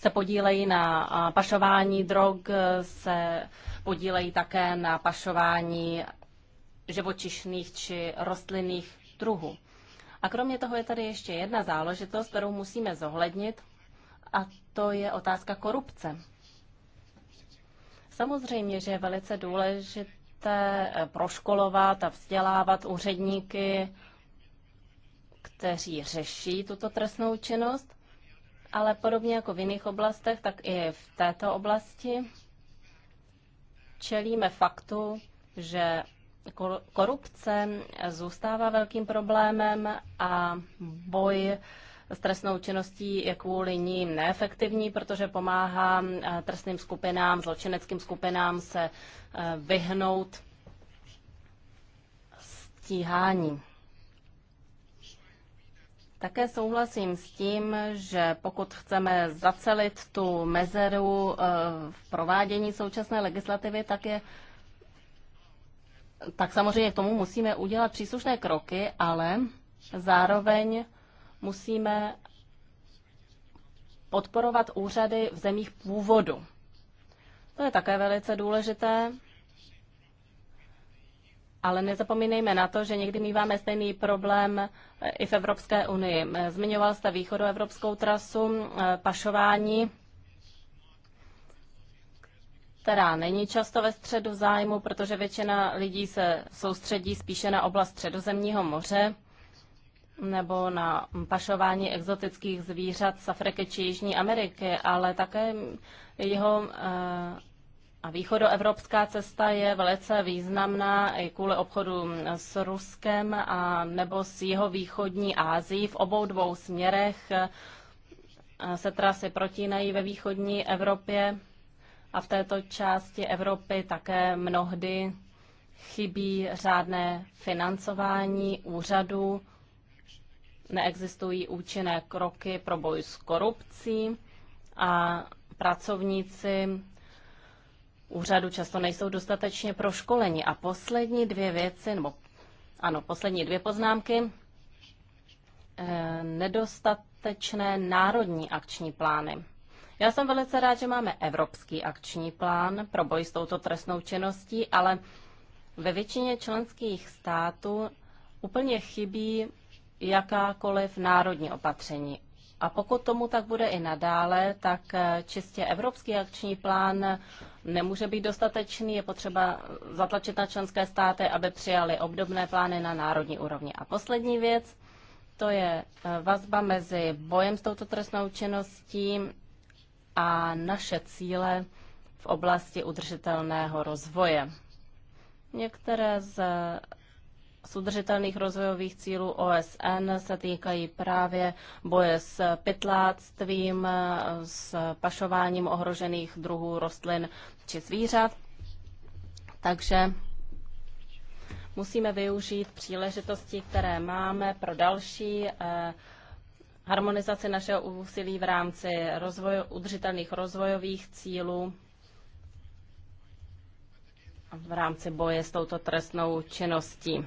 Speaker 4: se podílejí na pašování drog, se podílejí také na pašování živočišných či rostlinných druhů. A kromě toho je tady ještě jedna záležitost, kterou musíme zohlednit, a to je otázka korupce. Samozřejmě, že je velice důležité eh, proškolovat a vzdělávat úředníky, kteří řeší tuto trestnou činnost, ale podobně jako v jiných oblastech, tak i v této oblasti čelíme faktu, že korupce zůstává velkým problémem a boj s trestnou činností je kvůli ní neefektivní, protože pomáhá eh, trestným skupinám, zločineckým skupinám se eh, vyhnout stíháním. Také souhlasím s tím, že pokud chceme zacelit tu mezeru eh, v provádění současné legislativy, tak je tak samozřejmě k tomu musíme udělat příslušné kroky, ale zároveň musíme podporovat úřady v zemích původu. To je také velice důležité, ale nezapomínejme na to, že někdy míváme stejný problém e, i v Evropské unii. E, zmiňoval jste východoevropskou trasu, e, pašování, která není často ve středu zájmu, protože většina lidí se soustředí spíše na oblast středozemního moře nebo na pašování exotických zvířat z Afriky či Jižní Ameriky, ale také jeho a východoevropská cesta je velice významná i kvůli obchodu s Ruskem a nebo s jeho východní Ázií. V obou dvou směrech se trasy protínají ve východní Evropě a v této části Evropy také mnohdy chybí řádné financování úřadů, neexistují účinné kroky pro boj s korupcí a pracovníci úřadu často nejsou dostatečně proškoleni. A poslední dvě věci, nebo ano, poslední dvě poznámky. E, nedostatečné národní akční plány. Já jsem velice rád, že máme evropský akční plán pro boj s touto trestnou činností, ale ve většině členských států úplně chybí jakákoliv národní opatření. A pokud tomu tak bude i nadále, tak eh, čistě evropský akční plán nemůže být dostatečný. Je potřeba zatlačit na členské státy, aby přijali obdobné plány na národní úrovni. A poslední věc, to je eh, vazba mezi bojem s touto trestnou činností a naše cíle v oblasti udržitelného rozvoje. Některé z z udržitelných rozvojových cílů OSN se týkají právě boje s pytláctvím, s pašováním ohrožených druhů rostlin či zvířat. Takže musíme využít příležitosti, které máme pro další eh, harmonizaci našeho úsilí v rámci rozvoj, udržitelných rozvojových cílů v rámci boje s touto trestnou činností.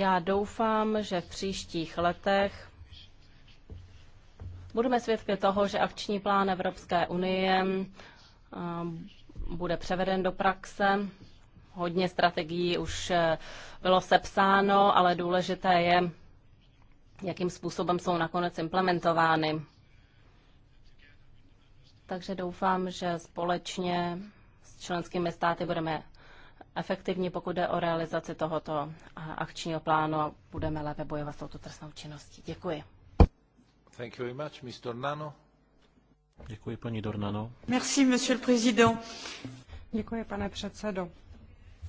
Speaker 4: Já doufám, že v příštích letech budeme svědky toho, že akční plán Evropské unie eh, bude převeden do praxe. Hodně strategií už eh, bylo sepsáno, ale důležité je, jakým způsobem jsou nakonec implementovány. Takže doufám, že společně s členskými státy budeme efektivní, pokud jde o realizaci tohoto akčního plánu a budeme lépe bojovat s touto trestnou činností. Děkuji.
Speaker 3: Thank you very much, Mr. Dornano. Děkuji, paní Dornano.
Speaker 1: Merci, monsieur le président. Děkuji, pane předsedo.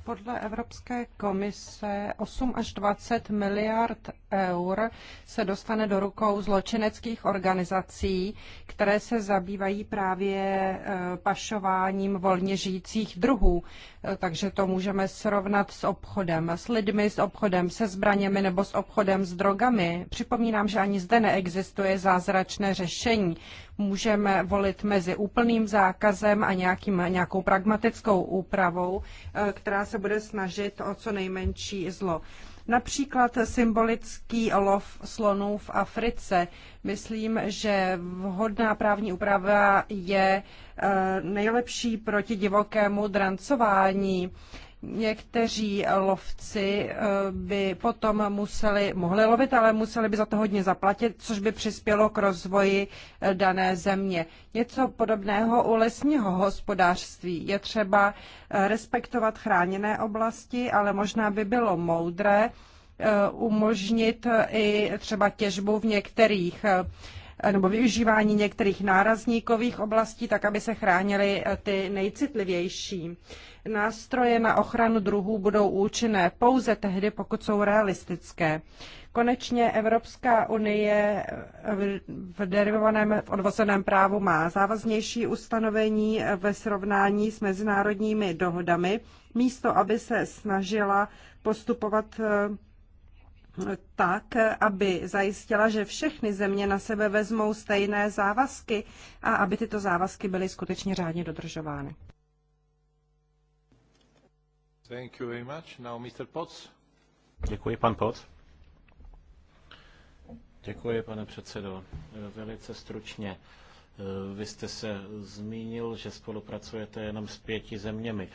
Speaker 1: Podle Evropské komise 8 až 20 miliard eur se dostane do rukou zločineckých organizací, které se zabývají právě e, pašováním volně žijících druhů. E, takže to můžeme srovnat s obchodem s lidmi, s obchodem se zbraněmi nebo s obchodem s drogami. Připomínám, že ani zde neexistuje zázračné řešení můžeme volit mezi úplným zákazem a nějakým, nějakou pragmatickou úpravou, eh, která se bude snažit o co nejmenší zlo. Například symbolický lov slonů v Africe. Myslím, že vhodná právní úprava je eh, nejlepší proti divokému drancování. Někteří lovci eh, by potom museli, mohli lovit, ale museli by za to hodně zaplatit, což by přispělo k rozvoji eh, dané země. Něco podobného u lesního hospodářství. Je třeba eh, respektovat chráněné oblasti, ale možná by bylo moudré umožnit i třeba těžbu v některých nebo využívání některých nárazníkových oblastí, tak aby se chránily ty nejcitlivější nástroje na ochranu druhů budou účinné pouze tehdy, pokud jsou realistické. Konečně Evropská unie v derivovaném v odvozeném právu má závaznější ustanovení ve srovnání s mezinárodními dohodami, místo aby se snažila postupovat eh, tak, aby zajistila, že všechny země na sebe vezmou stejné závazky a aby tyto závazky byly skutečně řádně dodržovány.
Speaker 3: Děkuji, Děkuji, pane předsedo. Eh, velice stručně. Eh, vy jste se zmínil, že spolupracujete jenom s pěti zeměmi.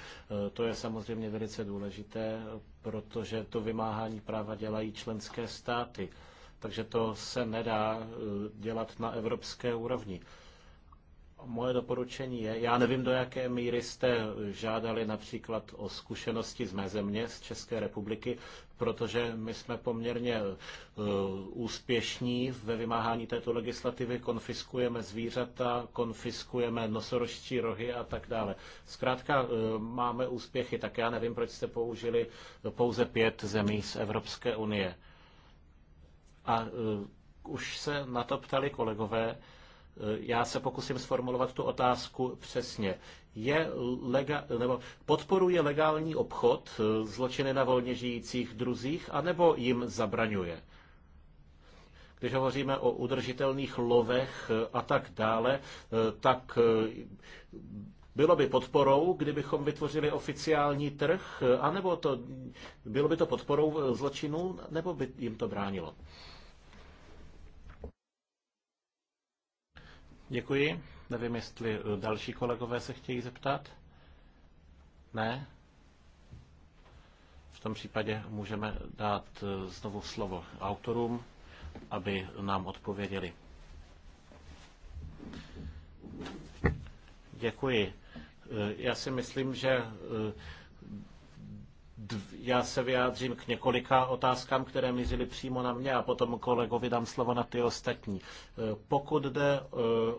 Speaker 3: Eh, to je samozřejmě velice důležité, protože to vymáhání práva dělají členské státy. Takže to se nedá dělat na evropské úrovni. Moje doporučení je, já nevím, do jaké míry jste žádali například o zkušenosti z mé země, z České republiky, protože my jsme poměrně e, úspěšní ve vymáhání této legislativy, konfiskujeme zvířata, konfiskujeme nosorožčí rohy a tak dále. Zkrátka e, máme úspěchy, tak já nevím, proč jste použili pouze pět zemí z Evropské unie. A e, už se na to ptali kolegové, Eh, já se pokusím sformulovat tu otázku přesně. Je lega, nebo podporuje legální obchod eh, zločiny na volně žijících druzích, anebo jim zabraňuje? Když hovoříme o udržitelných lovech eh, a tak dále, tak bylo by podporou, kdybychom vytvořili oficiální trh, anebo to, bylo by to podporou zločinu, nebo by jim to bránilo? Děkuji. Nevím, jestli eh, další kolegové se chtějí zeptat. Ne? V tom případě můžeme dát eh, znovu slovo autorům, aby nám odpověděli. Děkuji. Eh, já si myslím, že já se vyjádřím k několika otázkám, které mířily přímo na mě a potom kolegovi dám slovo na ty ostatní. E, pokud jde e,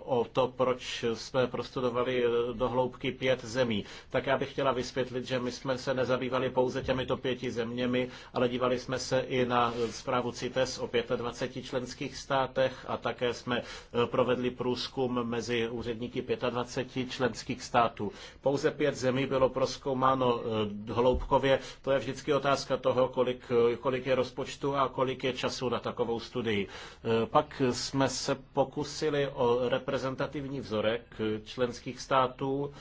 Speaker 3: o to, proč jsme prostudovali e, do hloubky pět zemí, tak já bych chtěla vysvětlit, že my jsme se nezabývali pouze těmito pěti zeměmi, ale dívali jsme se i na zprávu CITES o 25 členských státech a také jsme provedli průzkum mezi úředníky 25 členských států. Pouze pět zemí bylo proskoumáno hloubkově to je vždycky otázka toho, kolik, kolik je rozpočtu a kolik je času na takovou studii. E, pak jsme se pokusili o reprezentativní vzorek členských států,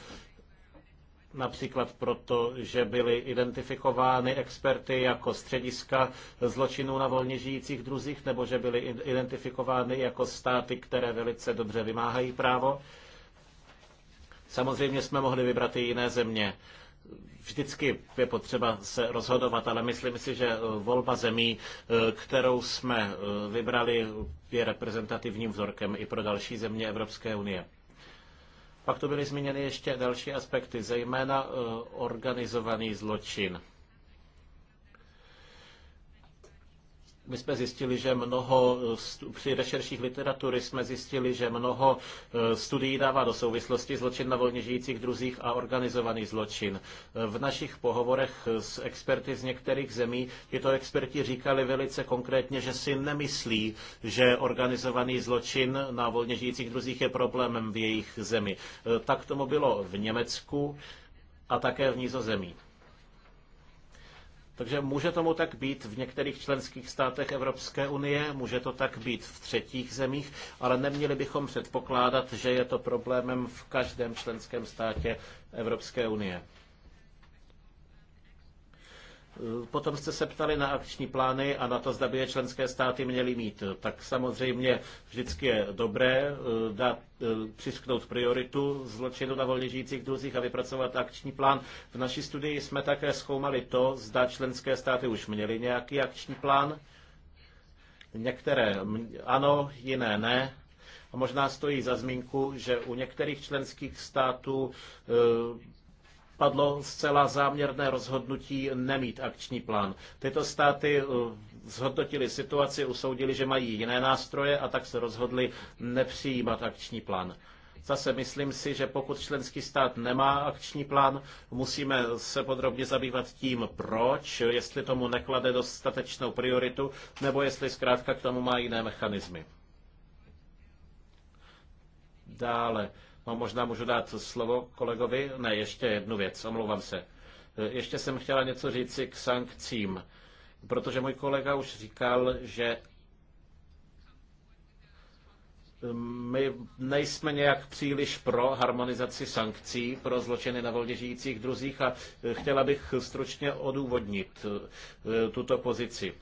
Speaker 3: například proto, že byly identifikovány experty jako střediska zločinů na volně žijících druzích, nebo že byly identifikovány jako státy, které velice dobře vymáhají právo. Samozřejmě jsme mohli vybrat i jiné země vždycky je potřeba se rozhodovat, ale myslím si, že eh, volba zemí, eh, kterou jsme eh, vybrali, je reprezentativním vzorkem i pro další země Evropské unie. Pak tu byly zmíněny ještě další aspekty, zejména organizovaný zločin. my jsme zjistili, že mnoho, eh, při rešerších literatury jsme zjistili, že mnoho eh, studií dává do souvislosti zločin na volně žijících druzích a organizovaný zločin. Eh, v našich pohovorech s experty z některých zemí tyto experti říkali velice konkrétně, že si nemyslí, že organizovaný zločin na volně žijících druzích je problémem v jejich zemi. Tak tomu bylo v Německu a také v nízozemí. Takže může tomu tak být v některých členských státech Evropské unie, může to tak být v třetích zemích, ale neměli bychom předpokládat, že je to problémem v každém členském státě Evropské unie. Eh, potom jste se ptali na akční plány a na to, zda by je členské státy měly mít. Tak samozřejmě vždycky je dobré eh, dát, eh, přisknout prioritu zločinu na volně žijících druzích a vypracovat akční plán. V naší studii jsme také zkoumali to, zda členské státy už měly nějaký akční plán. Některé ano, jiné ne. A možná stojí za zmínku, že u některých členských států padlo zcela záměrné rozhodnutí nemít akční plán. Tyto státy eh, zhodnotili situaci, usoudili, že mají jiné nástroje a tak se rozhodli nepřijímat akční plán. Zase myslím si, že pokud členský stát nemá akční plán, musíme se podrobně zabývat tím, proč, jestli tomu neklade dostatečnou prioritu, nebo jestli zkrátka k tomu má jiné mechanismy. Dále No, možná můžu dát slovo kolegovi? Ne, ještě jednu věc, omlouvám se. E, ještě jsem chtěla něco říci k sankcím, protože můj kolega už říkal, že my nejsme nějak příliš pro harmonizaci sankcí pro zločiny na volně žijících druzích a e, chtěla bych stručně odůvodnit e, tuto pozici.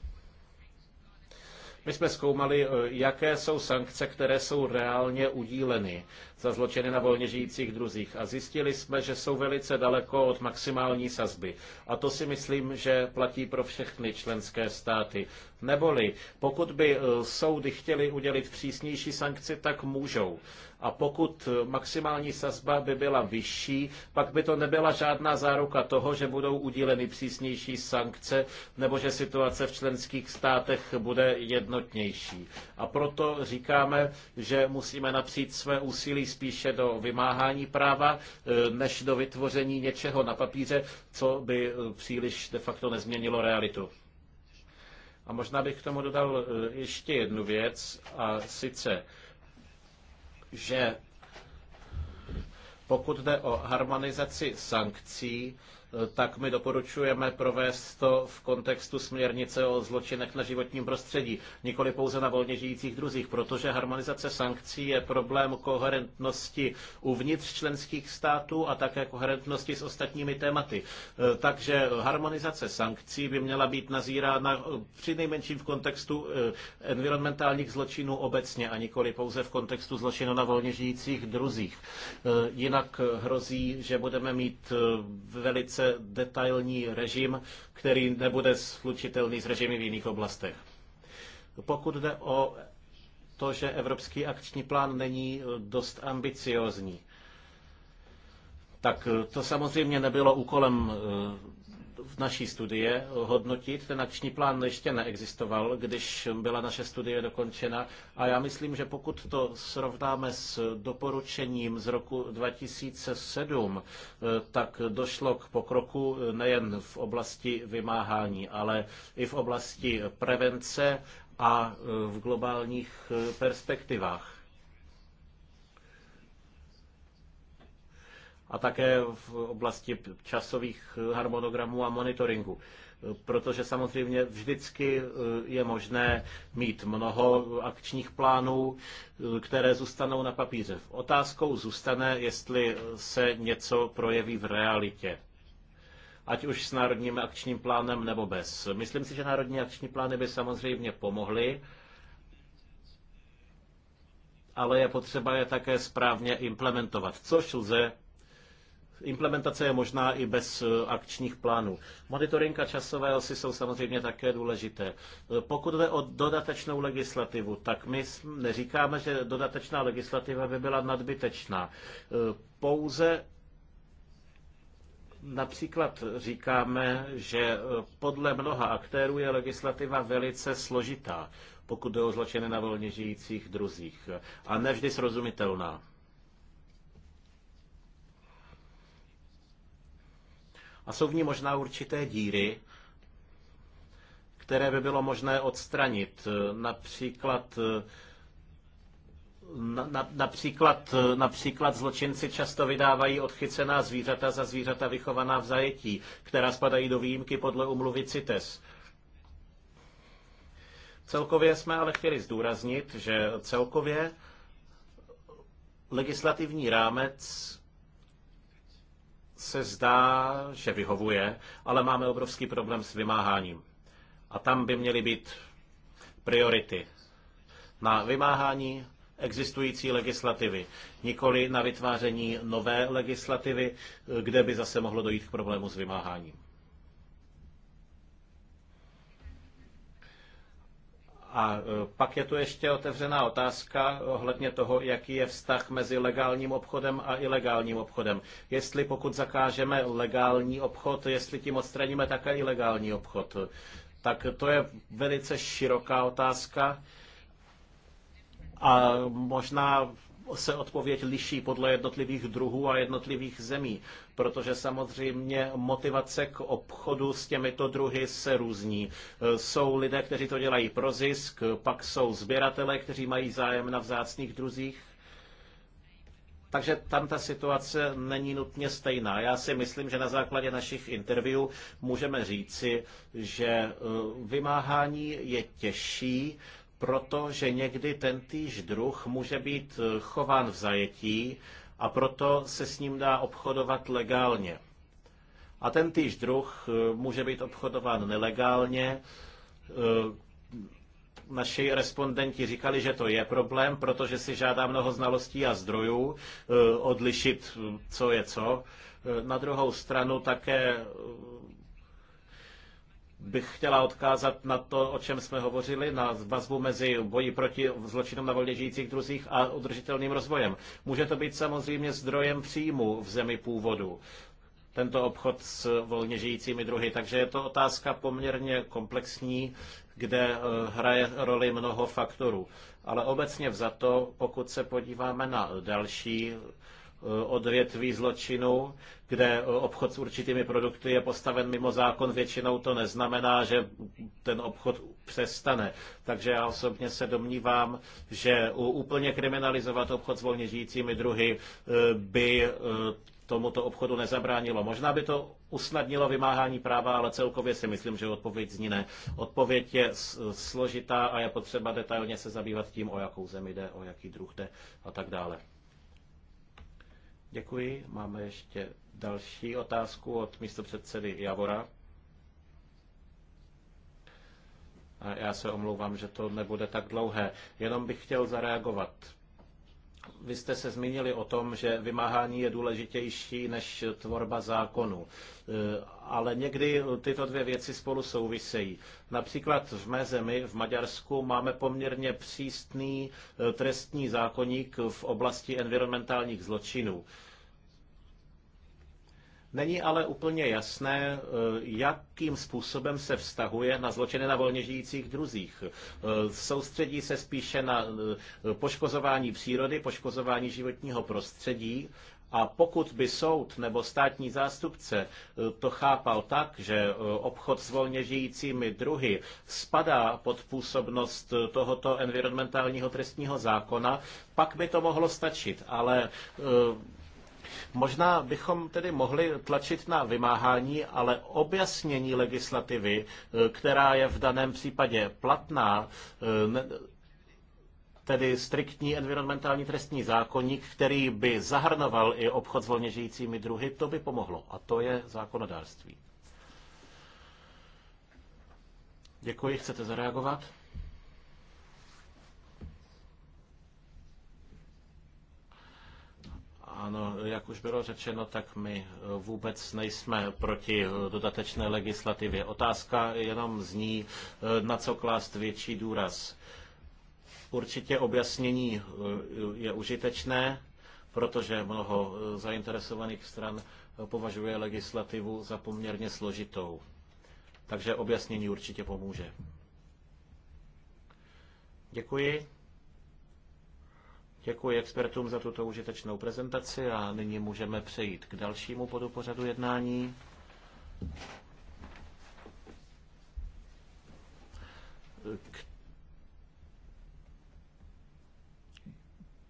Speaker 3: My jsme zkoumali, jaké jsou sankce, které jsou reálně udíleny za zločiny na volně žijících druzích. A zjistili jsme, že jsou velice daleko od maximální sazby. A to si myslím, že platí pro všechny členské státy. Neboli, pokud by eh, soudy chtěly udělit přísnější sankci, tak můžou. A pokud eh, maximální sazba by byla vyšší, pak by to nebyla žádná záruka toho, že budou udíleny přísnější sankce nebo že situace v členských státech bude jednotnější. A proto říkáme, že musíme napřít své úsilí spíše do vymáhání práva, e, než do vytvoření něčeho na papíře, co by e, příliš de facto nezměnilo realitu. A možná bych k tomu dodal e, ještě jednu věc, a sice, že pokud jde o harmonizaci sankcí, tak my doporučujeme provést to v kontextu směrnice o zločinech na životním prostředí, nikoli pouze na volně žijících druzích, protože harmonizace sankcí je problém koherentnosti uvnitř členských států a také koherentnosti s ostatními tématy. E, takže harmonizace sankcí by měla být nazírána e, při nejmenším v kontextu e, environmentálních zločinů obecně a nikoli pouze v kontextu zločinu na volně žijících druzích. Jinak hrozí, že budeme mít velice velice detailní režim, který nebude slučitelný s režimy v jiných oblastech. Pokud jde o to, že Evropský akční plán není eh, dost ambiciozní, tak eh, to samozřejmě nebylo úkolem eh, v naší studie hodnotit. Ten akční plán ještě neexistoval, když byla naše studie dokončena. A já myslím, že pokud to srovnáme s doporučením z roku 2007, eh, tak došlo k pokroku nejen v oblasti vymáhání, ale i v oblasti prevence a eh, v globálních eh, perspektivách. a také v oblasti časových eh, harmonogramů a monitoringu. Eh, protože samozřejmě vždycky eh, je možné mít mnoho akčních plánů, které zůstanou na papíře. Otázkou zůstane, jestli se něco projeví v realitě ať už s národním akčním plánem nebo bez. Myslím si, že národní akční plány by samozřejmě pomohly, ale je potřeba je také správně implementovat, což lze Implementace je možná i bez e, akčních plánů. Monitoring a časové osy jsou samozřejmě také důležité. E, pokud jde o dodatečnou legislativu, tak my neříkáme, že dodatečná legislativa by byla nadbytečná. E, pouze Například říkáme, že podle mnoha aktérů je legislativa velice složitá, pokud jde o zločiny na volně žijících druzích a nevždy srozumitelná. A jsou v ní možná určité díry, které by bylo možné odstranit. Například na, na, například, například zločinci často vydávají odchycená zvířata za zvířata vychovaná v zajetí, která spadají do výjimky podle umluvy CITES. Celkově jsme ale chtěli zdůraznit, že celkově legislativní rámec se zdá, že vyhovuje, ale máme obrovský problém s vymáháním. A tam by měly být priority na vymáhání existující legislativy, nikoli na vytváření nové legislativy, kde by zase mohlo dojít k problému s vymáháním. A e, pak je tu ještě otevřená otázka ohledně toho, jaký je vztah mezi legálním obchodem a ilegálním obchodem. Jestli pokud zakážeme legální obchod, jestli tím odstraníme také ilegální obchod. Tak to je velice široká otázka. A možná se odpověď liší podle jednotlivých druhů a jednotlivých zemí, protože samozřejmě motivace k obchodu s těmito druhy se různí. Jsou lidé, kteří to dělají pro zisk, pak jsou sběratele, kteří mají zájem na vzácných druzích. Takže tam ta situace není nutně stejná. Já si myslím, že na základě našich interview můžeme říci, že e, vymáhání je těžší, protože někdy ten týž druh může být eh, chován v zajetí a proto se s ním dá obchodovat legálně. A ten týž druh eh, může být obchodován nelegálně. Eh, naši respondenti říkali, že to je problém, protože si žádá mnoho znalostí a zdrojů odlišit, co je co. Na druhou stranu také bych chtěla odkázat na to, o čem jsme hovořili, na vazbu mezi boji proti zločinům na volně žijících druzích a udržitelným rozvojem. Může to být samozřejmě zdrojem příjmu v zemi původu tento obchod s volně žijícími druhy. Takže je to otázka poměrně komplexní, kde eh, hraje roli mnoho faktorů. Ale obecně to, pokud se podíváme na další Eh, odvětví zločinu, kde eh, obchod s určitými produkty je postaven mimo zákon, většinou to neznamená, že ten obchod přestane. Takže já osobně se domnívám, že úplně kriminalizovat obchod s volně žijícími druhy eh, by tomuto obchodu nezabránilo. Možná by to usnadnilo vymáhání práva, ale celkově si myslím, že odpověď zní ne. Odpověď je složitá a je potřeba detailně se zabývat tím, o jakou zemi jde, o jaký druh jde a tak dále. Děkuji. Máme ještě další otázku od místopředsedy Javora. já se omlouvám, že to nebude tak dlouhé. Jenom bych chtěl zareagovat vy jste se zmínili o tom, že vymáhání je důležitější než tvorba zákonu. E, ale někdy tyto dvě věci spolu souvisejí. Například v mé zemi, v Maďarsku, máme poměrně přísný e, trestní zákoník v oblasti environmentálních zločinů. Není ale úplně jasné, eh, jakým způsobem se vztahuje na zločiny na volně žijících druzích. Eh, soustředí se spíše na eh, poškozování přírody, poškozování životního prostředí a pokud by soud nebo státní zástupce to chápal tak, že obchod s volně žijícími druhy spadá pod působnost tohoto environmentálního trestního zákona, pak by to mohlo stačit. Ale Možná bychom tedy mohli tlačit na vymáhání, ale objasnění legislativy, eh, která je v daném případě platná, eh, tedy striktní environmentální trestní zákonník, který by zahrnoval i obchod s volně žijícími druhy, to by pomohlo. A to je zákonodárství. Děkuji, chcete zareagovat? Ano, jak už bylo řečeno, tak my eh, vůbec nejsme proti eh, dodatečné legislativě. Otázka jenom zní, eh, na co klást větší důraz. Určitě objasnění je užitečné, protože mnoho zainteresovaných stran považuje legislativu za poměrně složitou. Takže objasnění určitě pomůže. Děkuji. Děkuji expertům za tuto užitečnou prezentaci a nyní můžeme přejít k dalšímu bodu pořadu jednání.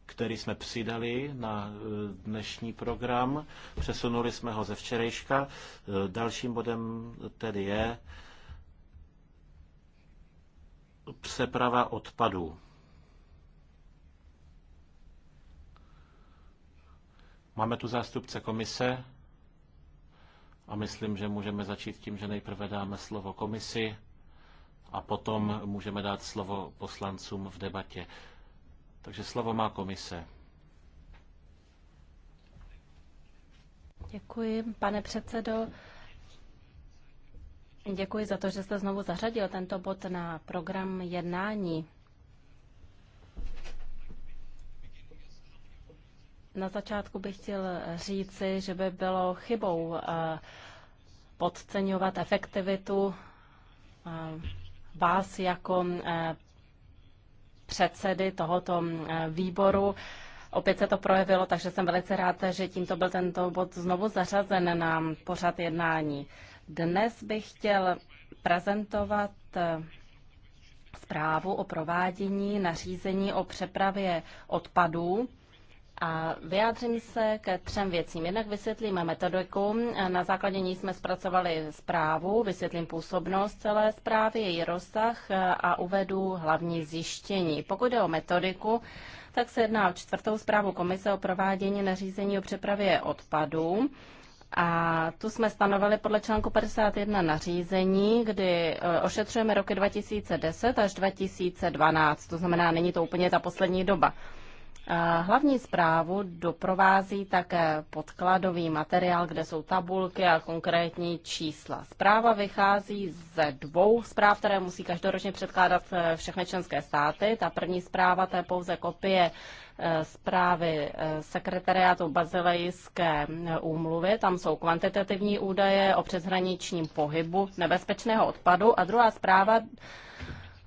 Speaker 3: který jsme přidali na eh, dnešní program. Přesunuli jsme ho ze včerejška. Eh, dalším bodem tedy je přeprava odpadů. Máme tu zástupce komise a myslím, že můžeme začít tím, že nejprve dáme slovo komisi a potom můžeme dát slovo poslancům v debatě. Takže slovo má komise.
Speaker 4: Děkuji, pane předsedo. Děkuji za to, že jste znovu zařadil tento bod na program jednání. na začátku bych chtěl říci, že by bylo chybou eh, podceňovat efektivitu eh, vás jako eh, předsedy tohoto výboru. Opět se to projevilo, takže jsem velice rád, že tímto byl tento bod znovu zařazen na pořad jednání. Dnes bych chtěl prezentovat zprávu o provádění nařízení o přepravě odpadů a vyjádřím se ke třem věcím. Jednak vysvětlíme metodiku, na základě ní jsme zpracovali zprávu, vysvětlím působnost celé zprávy, její rozsah a uvedu hlavní zjištění. Pokud jde o metodiku, tak se jedná o čtvrtou zprávu Komise o provádění nařízení o přepravě odpadů. A tu jsme stanovili podle článku 51 nařízení, kdy e, ošetřujeme roky 2010 až 2012, to znamená, není to úplně ta poslední doba. Hlavní zprávu doprovází také podkladový materiál, kde jsou tabulky a konkrétní čísla. Zpráva vychází ze dvou zpráv, které musí každoročně předkládat eh, všechny členské státy. Ta první zpráva to je pouze kopie eh, zprávy eh, sekretariátu Bazilejské úmluvy. Tam jsou kvantitativní údaje o přeshraničním pohybu nebezpečného odpadu. A druhá zpráva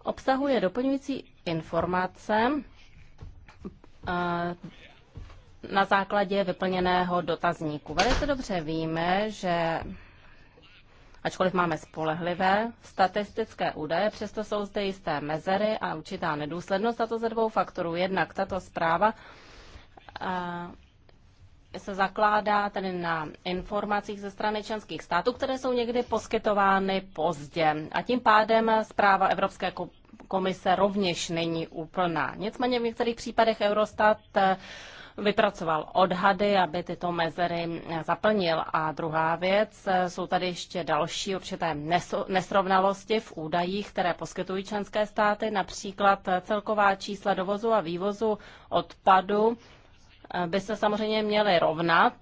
Speaker 4: obsahuje doplňující informace na základě vyplněného dotazníku. Velice dobře víme, že ačkoliv máme spolehlivé statistické údaje, přesto jsou zde jisté mezery a určitá nedůslednost, a to ze dvou faktorů. Jednak tato zpráva se zakládá tedy na informacích ze strany členských států, které jsou někdy poskytovány pozdě. A tím pádem zpráva Evropské komise rovněž není úplná. Nicméně v některých případech Eurostat eh, vypracoval odhady, aby tyto mezery zaplnil. A druhá věc, eh, jsou tady ještě další určité nesrovnalosti v údajích, které poskytují členské státy, například eh, celková čísla dovozu a vývozu odpadu by se samozřejmě měly rovnat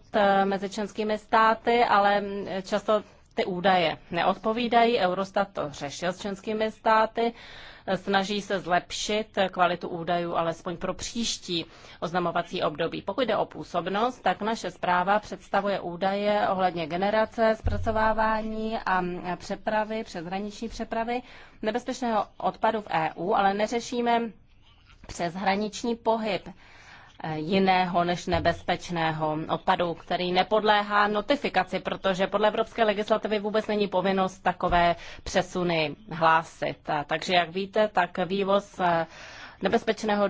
Speaker 4: mezi členskými státy, ale často ty údaje neodpovídají. Eurostat to řešil s členskými státy, snaží se zlepšit kvalitu údajů alespoň pro příští oznamovací období. Pokud jde o působnost, tak naše zpráva představuje údaje ohledně generace, zpracovávání a přepravy, přeshraniční přepravy nebezpečného odpadu v EU, ale neřešíme přeshraniční pohyb jiného než nebezpečného odpadu, který nepodléhá notifikaci, protože podle evropské legislativy vůbec není povinnost takové přesuny hlásit. Takže jak víte, tak vývoz eh, nebezpečného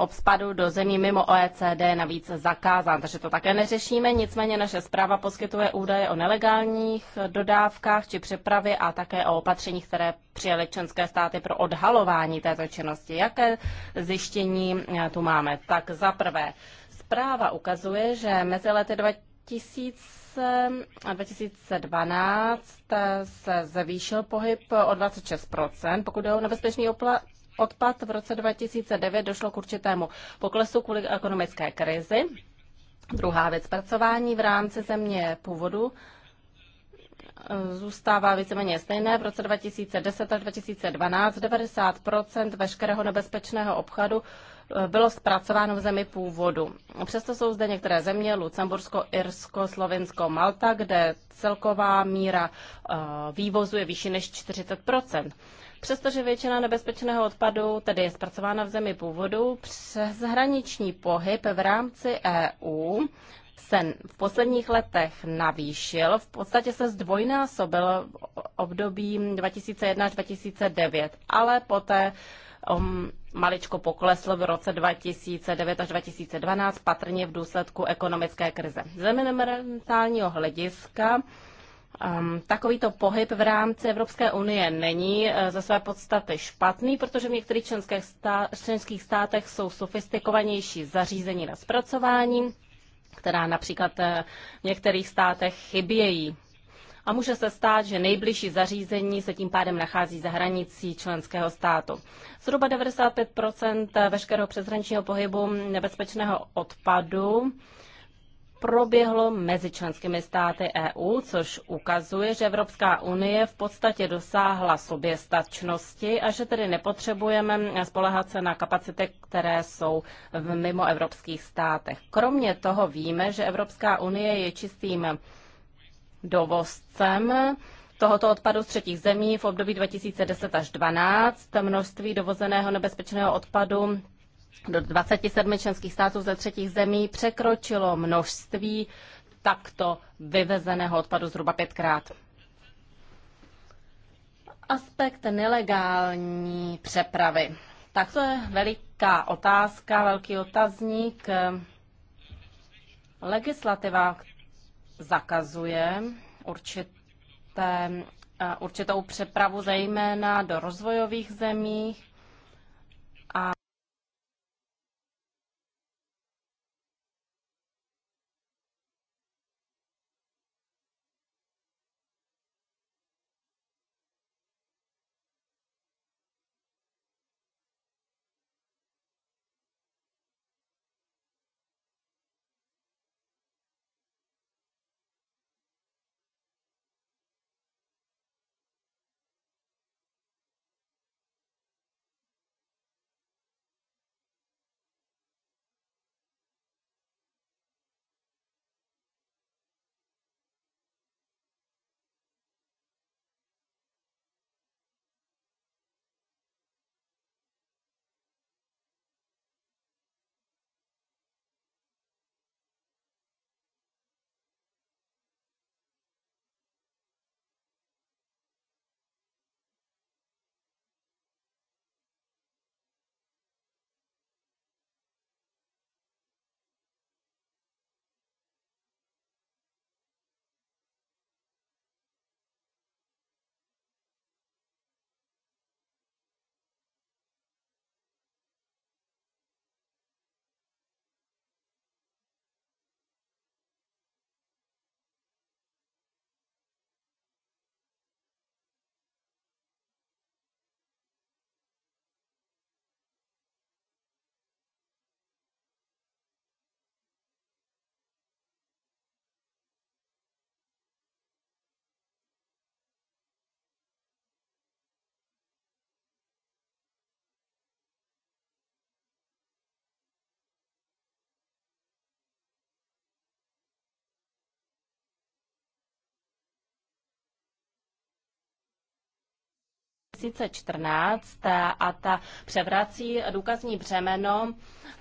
Speaker 4: obspadu do zemí mimo OECD navíc zakázán, takže to také neřešíme. Nicméně naše zpráva poskytuje údaje o nelegálních dodávkách či přepravě a také o opatřeních, které přijaly členské státy pro odhalování této činnosti. Jaké zjištění eh, tu máme? Tak za prvé, zpráva ukazuje, že mezi lety 2000 2012 eh, se zvýšil pohyb o 26%, pokud jde o nebezpečný oplat odpad. V roce 2009 došlo k určitému poklesu kvůli ekonomické krizi. Druhá věc, pracování v rámci země původu eh, zůstává víceméně stejné. V roce 2010 až 2012 90 veškerého nebezpečného obchodu eh, bylo zpracováno v zemi původu. Přesto jsou zde některé země, Lucembursko, Irsko, Slovinsko, Malta, kde celková míra eh, vývozu je vyšší než 40 Přestože většina nebezpečného odpadu tedy je zpracována v zemi původu, hraniční pohyb v rámci EU se v posledních letech navýšil, v podstatě se zdvojnásobil v období 2001 až 2009, ale poté um, maličko poklesl v roce 2009 až 2012, patrně v důsledku ekonomické krize. Z environmentálního hlediska Um, takovýto pohyb v rámci Evropské unie není eh, ze své podstaty špatný, protože v některých členských, stá- členských státech jsou sofistikovanější zařízení na zpracování, která například eh, v některých státech chybějí. A může se stát, že nejbližší zařízení se tím pádem nachází za hranicí členského státu. Zhruba 95 eh, veškerého přeshraničního pohybu nebezpečného odpadu proběhlo mezi členskými státy EU, což ukazuje, že Evropská unie v podstatě dosáhla soběstačnosti a že tedy nepotřebujeme spolehat se na kapacity, které jsou v mimoevropských státech. Kromě toho víme, že Evropská unie je čistým dovozcem tohoto odpadu z třetích zemí v období 2010 až 2012. Množství dovozeného nebezpečného odpadu do 27 členských států ze třetích zemí překročilo množství takto vyvezeného odpadu zhruba pětkrát. Aspekt nelegální přepravy. Tak to je veliká otázka, velký otazník. Legislativa zakazuje určité, eh, určitou přepravu zejména do rozvojových zemí a 2014 a ta převrací důkazní břemeno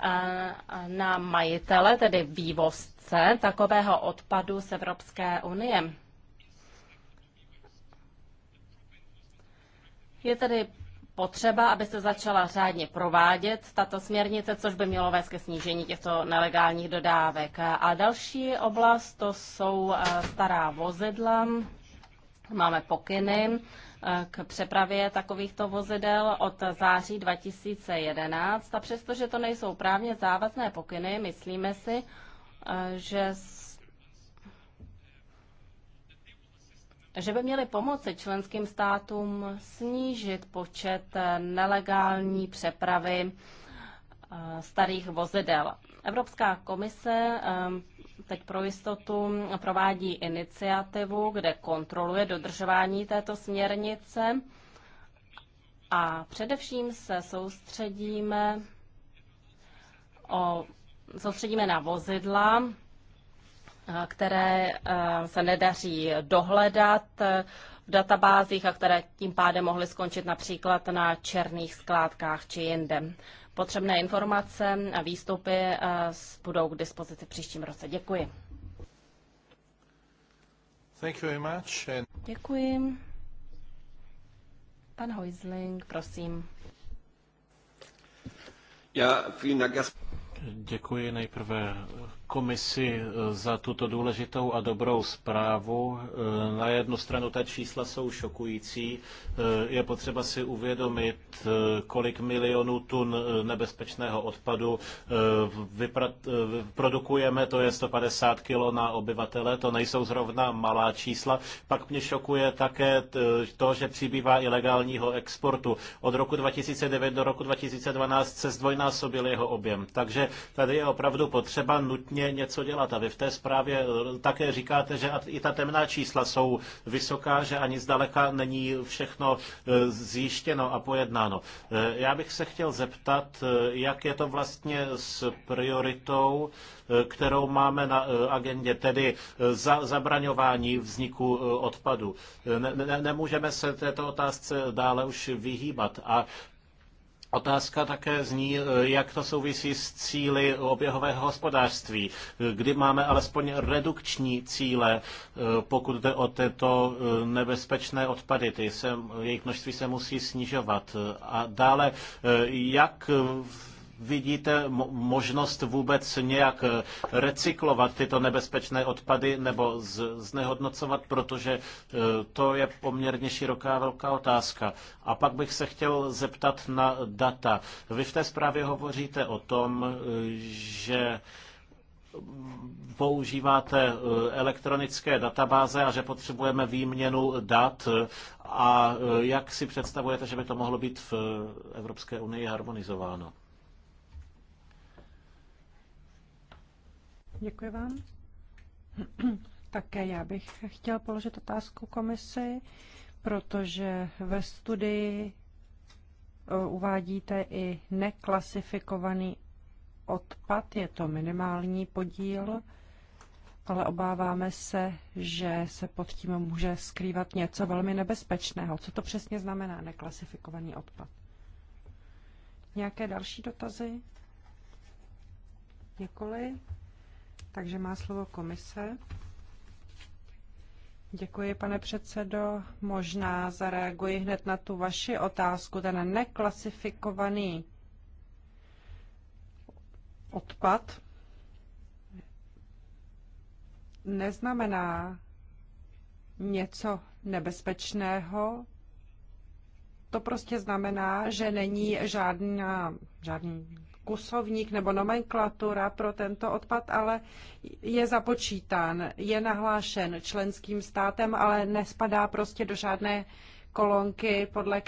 Speaker 4: eh, na majitele, tedy vývozce takového odpadu z Evropské unie. Je tedy potřeba, aby se začala řádně provádět tato směrnice, což by mělo vést ke snížení těchto nelegálních dodávek. A další oblast to jsou eh, stará vozidla. Máme pokyny eh, k přepravě takovýchto vozidel od září 2011 a přestože to nejsou právně závazné pokyny, myslíme si, eh, že že by měly pomoci členským státům snížit počet eh, nelegální přepravy starých vozidel. Evropská komise teď pro jistotu provádí iniciativu, kde kontroluje dodržování této směrnice a především se soustředíme, o, soustředíme na vozidla, které eh, se nedaří dohledat v databázích a které tím pádem mohly skončit například na černých skládkách či jinde potřebné informace a výstupy budou k dispozici v příštím roce. Děkuji.
Speaker 2: Thank you very much.
Speaker 4: Děkuji. Pan Hoisling, prosím.
Speaker 3: Já, Děkuji nejprve komisi e, za tuto důležitou a dobrou zprávu. E, na jednu stranu ta čísla jsou šokující. E, je potřeba si uvědomit, kolik milionů tun nebezpečného odpadu produkujeme, to je 150 kilo na obyvatele, to nejsou zrovna malá čísla. Pak mě šokuje také to, že přibývá ilegálního exportu. Od roku 2009 do roku 2012 se zdvojnásobil jeho objem. Takže tady je opravdu potřeba nutně rozhodně něco dělat. A vy v té zprávě eh, také říkáte, že i ta temná čísla jsou vysoká, že ani zdaleka není všechno eh, zjištěno a pojednáno. Eh, já bych se chtěl zeptat, jak je to vlastně s prioritou, kterou máme na agendě, tedy za, zabraňování vzniku odpadu. Ne, ne, nemůžeme se této otázce dále už vyhýbat. A Otázka také zní, eh, jak to souvisí s cíly oběhového hospodářství, eh, kdy máme alespoň redukční cíle, eh, pokud jde o tyto nebezpečné odpady, ty se, jejich množství se musí snižovat. A dále, jak vidíte možnost vůbec nějak eh, recyklovat tyto nebezpečné odpady nebo znehodnocovat, protože eh, to je poměrně široká velká otázka. A pak bych se chtěl zeptat na data. Vy v té zprávě hovoříte o tom, eh, že používáte elektronické databáze a že potřebujeme výměnu dat. A jak si představujete, že by to mohlo být v Evropské unii harmonizováno?
Speaker 1: Děkuji vám. Také já bych chtěl položit otázku komisi, protože ve studii eh, uvádíte i neklasifikovaný odpad, je to minimální podíl, ale obáváme se, že se pod tím může skrývat něco velmi nebezpečného. Co to přesně znamená neklasifikovaný odpad? Nějaké další dotazy? Nikoli? Takže má slovo komise. Děkuji, pane předsedo. Možná zareaguji hned na tu vaši otázku. Ten neklasifikovaný odpad neznamená něco nebezpečného. To prostě znamená, že není žádná, žádný kusovník nebo nomenklatura pro tento odpad, ale je započítán, je nahlášen členským státem, ale nespadá prostě do žádné kolonky, podle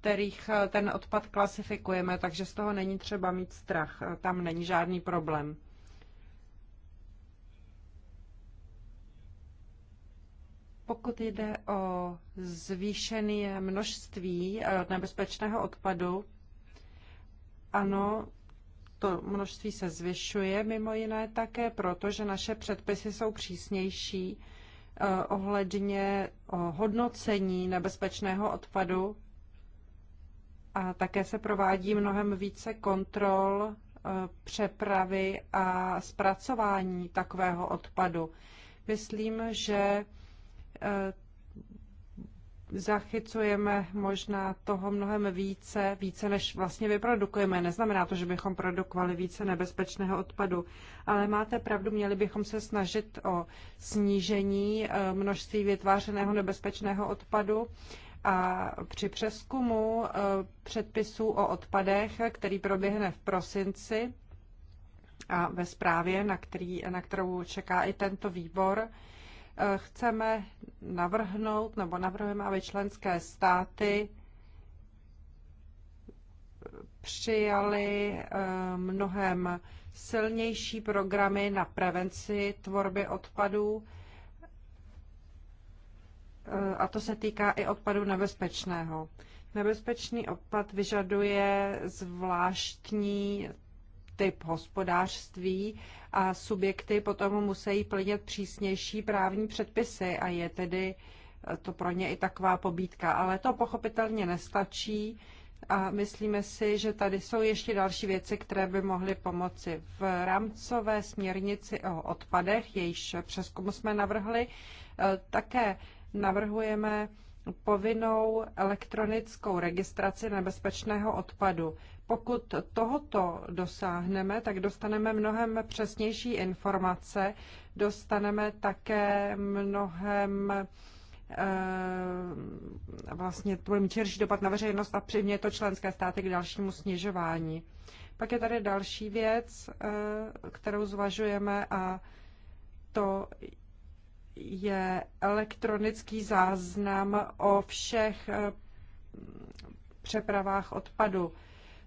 Speaker 1: kterých eh, ten odpad klasifikujeme, takže z toho není třeba mít strach, eh, tam není žádný problém. Pokud jde o zvýšené množství eh, nebezpečného odpadu, ano, to množství se zvyšuje mimo jiné také proto, že naše předpisy jsou přísnější eh, ohledně eh, hodnocení nebezpečného odpadu a také se provádí mnohem více kontrol eh, přepravy a zpracování takového odpadu. Myslím, že zachycujeme možná toho mnohem více, více než vlastně vyprodukujeme. Neznamená to, že bychom produkovali více nebezpečného odpadu, ale máte pravdu, měli bychom se snažit o snížení eh, množství vytvářeného nebezpečného odpadu. A při přeskumu eh, předpisů o odpadech, který proběhne v prosinci a ve zprávě, na, který, na kterou čeká i tento výbor, Eh, chceme navrhnout nebo navrhujeme, aby členské státy přijali eh, mnohem silnější programy na prevenci tvorby odpadů, eh, a to se týká i odpadu nebezpečného. Nebezpečný odpad vyžaduje zvláštní typ hospodářství a subjekty potom musí plnit přísnější právní předpisy a je tedy eh, to pro ně i taková pobídka. Ale to pochopitelně nestačí a myslíme si, že tady jsou ještě další věci, které by mohly pomoci. V rámcové směrnici o odpadech, jejíž přeskum jsme navrhli, eh, také navrhujeme povinnou elektronickou registraci nebezpečného odpadu. Pokud tohoto dosáhneme, tak dostaneme mnohem přesnější informace, dostaneme také mnohem eh, vlastně to bude mít dopad na veřejnost a přiměje to členské státy k dalšímu snižování. Pak je tady další věc, eh, kterou zvažujeme a to je elektronický záznam o všech eh, přepravách odpadu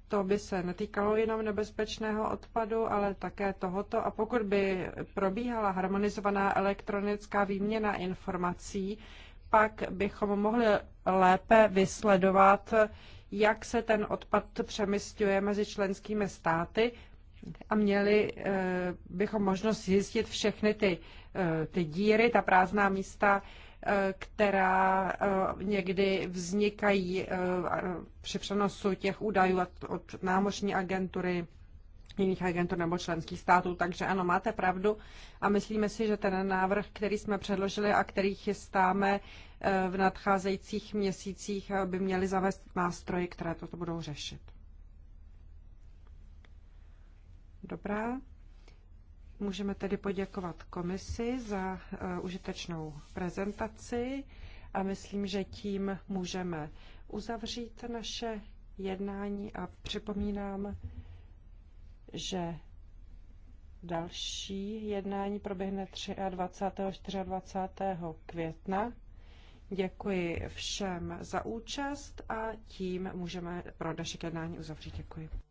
Speaker 1: to by se netýkalo jenom nebezpečného odpadu, ale také tohoto. A pokud by probíhala harmonizovaná elektronická výměna informací, pak bychom mohli lépe vysledovat, jak se ten odpad přemysťuje mezi členskými státy a měli eh, bychom možnost zjistit všechny ty, eh, ty díry, ta prázdná místa, Eh, která eh, někdy vznikají eh, při přenosu těch údajů od námořní agentury jiných agentů nebo členských států. Takže ano, máte pravdu a myslíme si, že ten návrh, který jsme předložili a který chystáme v nadcházejících měsících, by měly zavést nástroje, které toto budou řešit. Dobrá, Můžeme tedy poděkovat komisi za eh, užitečnou prezentaci a myslím, že tím můžeme uzavřít naše jednání a připomínám, že další jednání proběhne 23. a 24. května. Děkuji všem za účast a tím můžeme pro dnešek jednání uzavřít. Děkuji.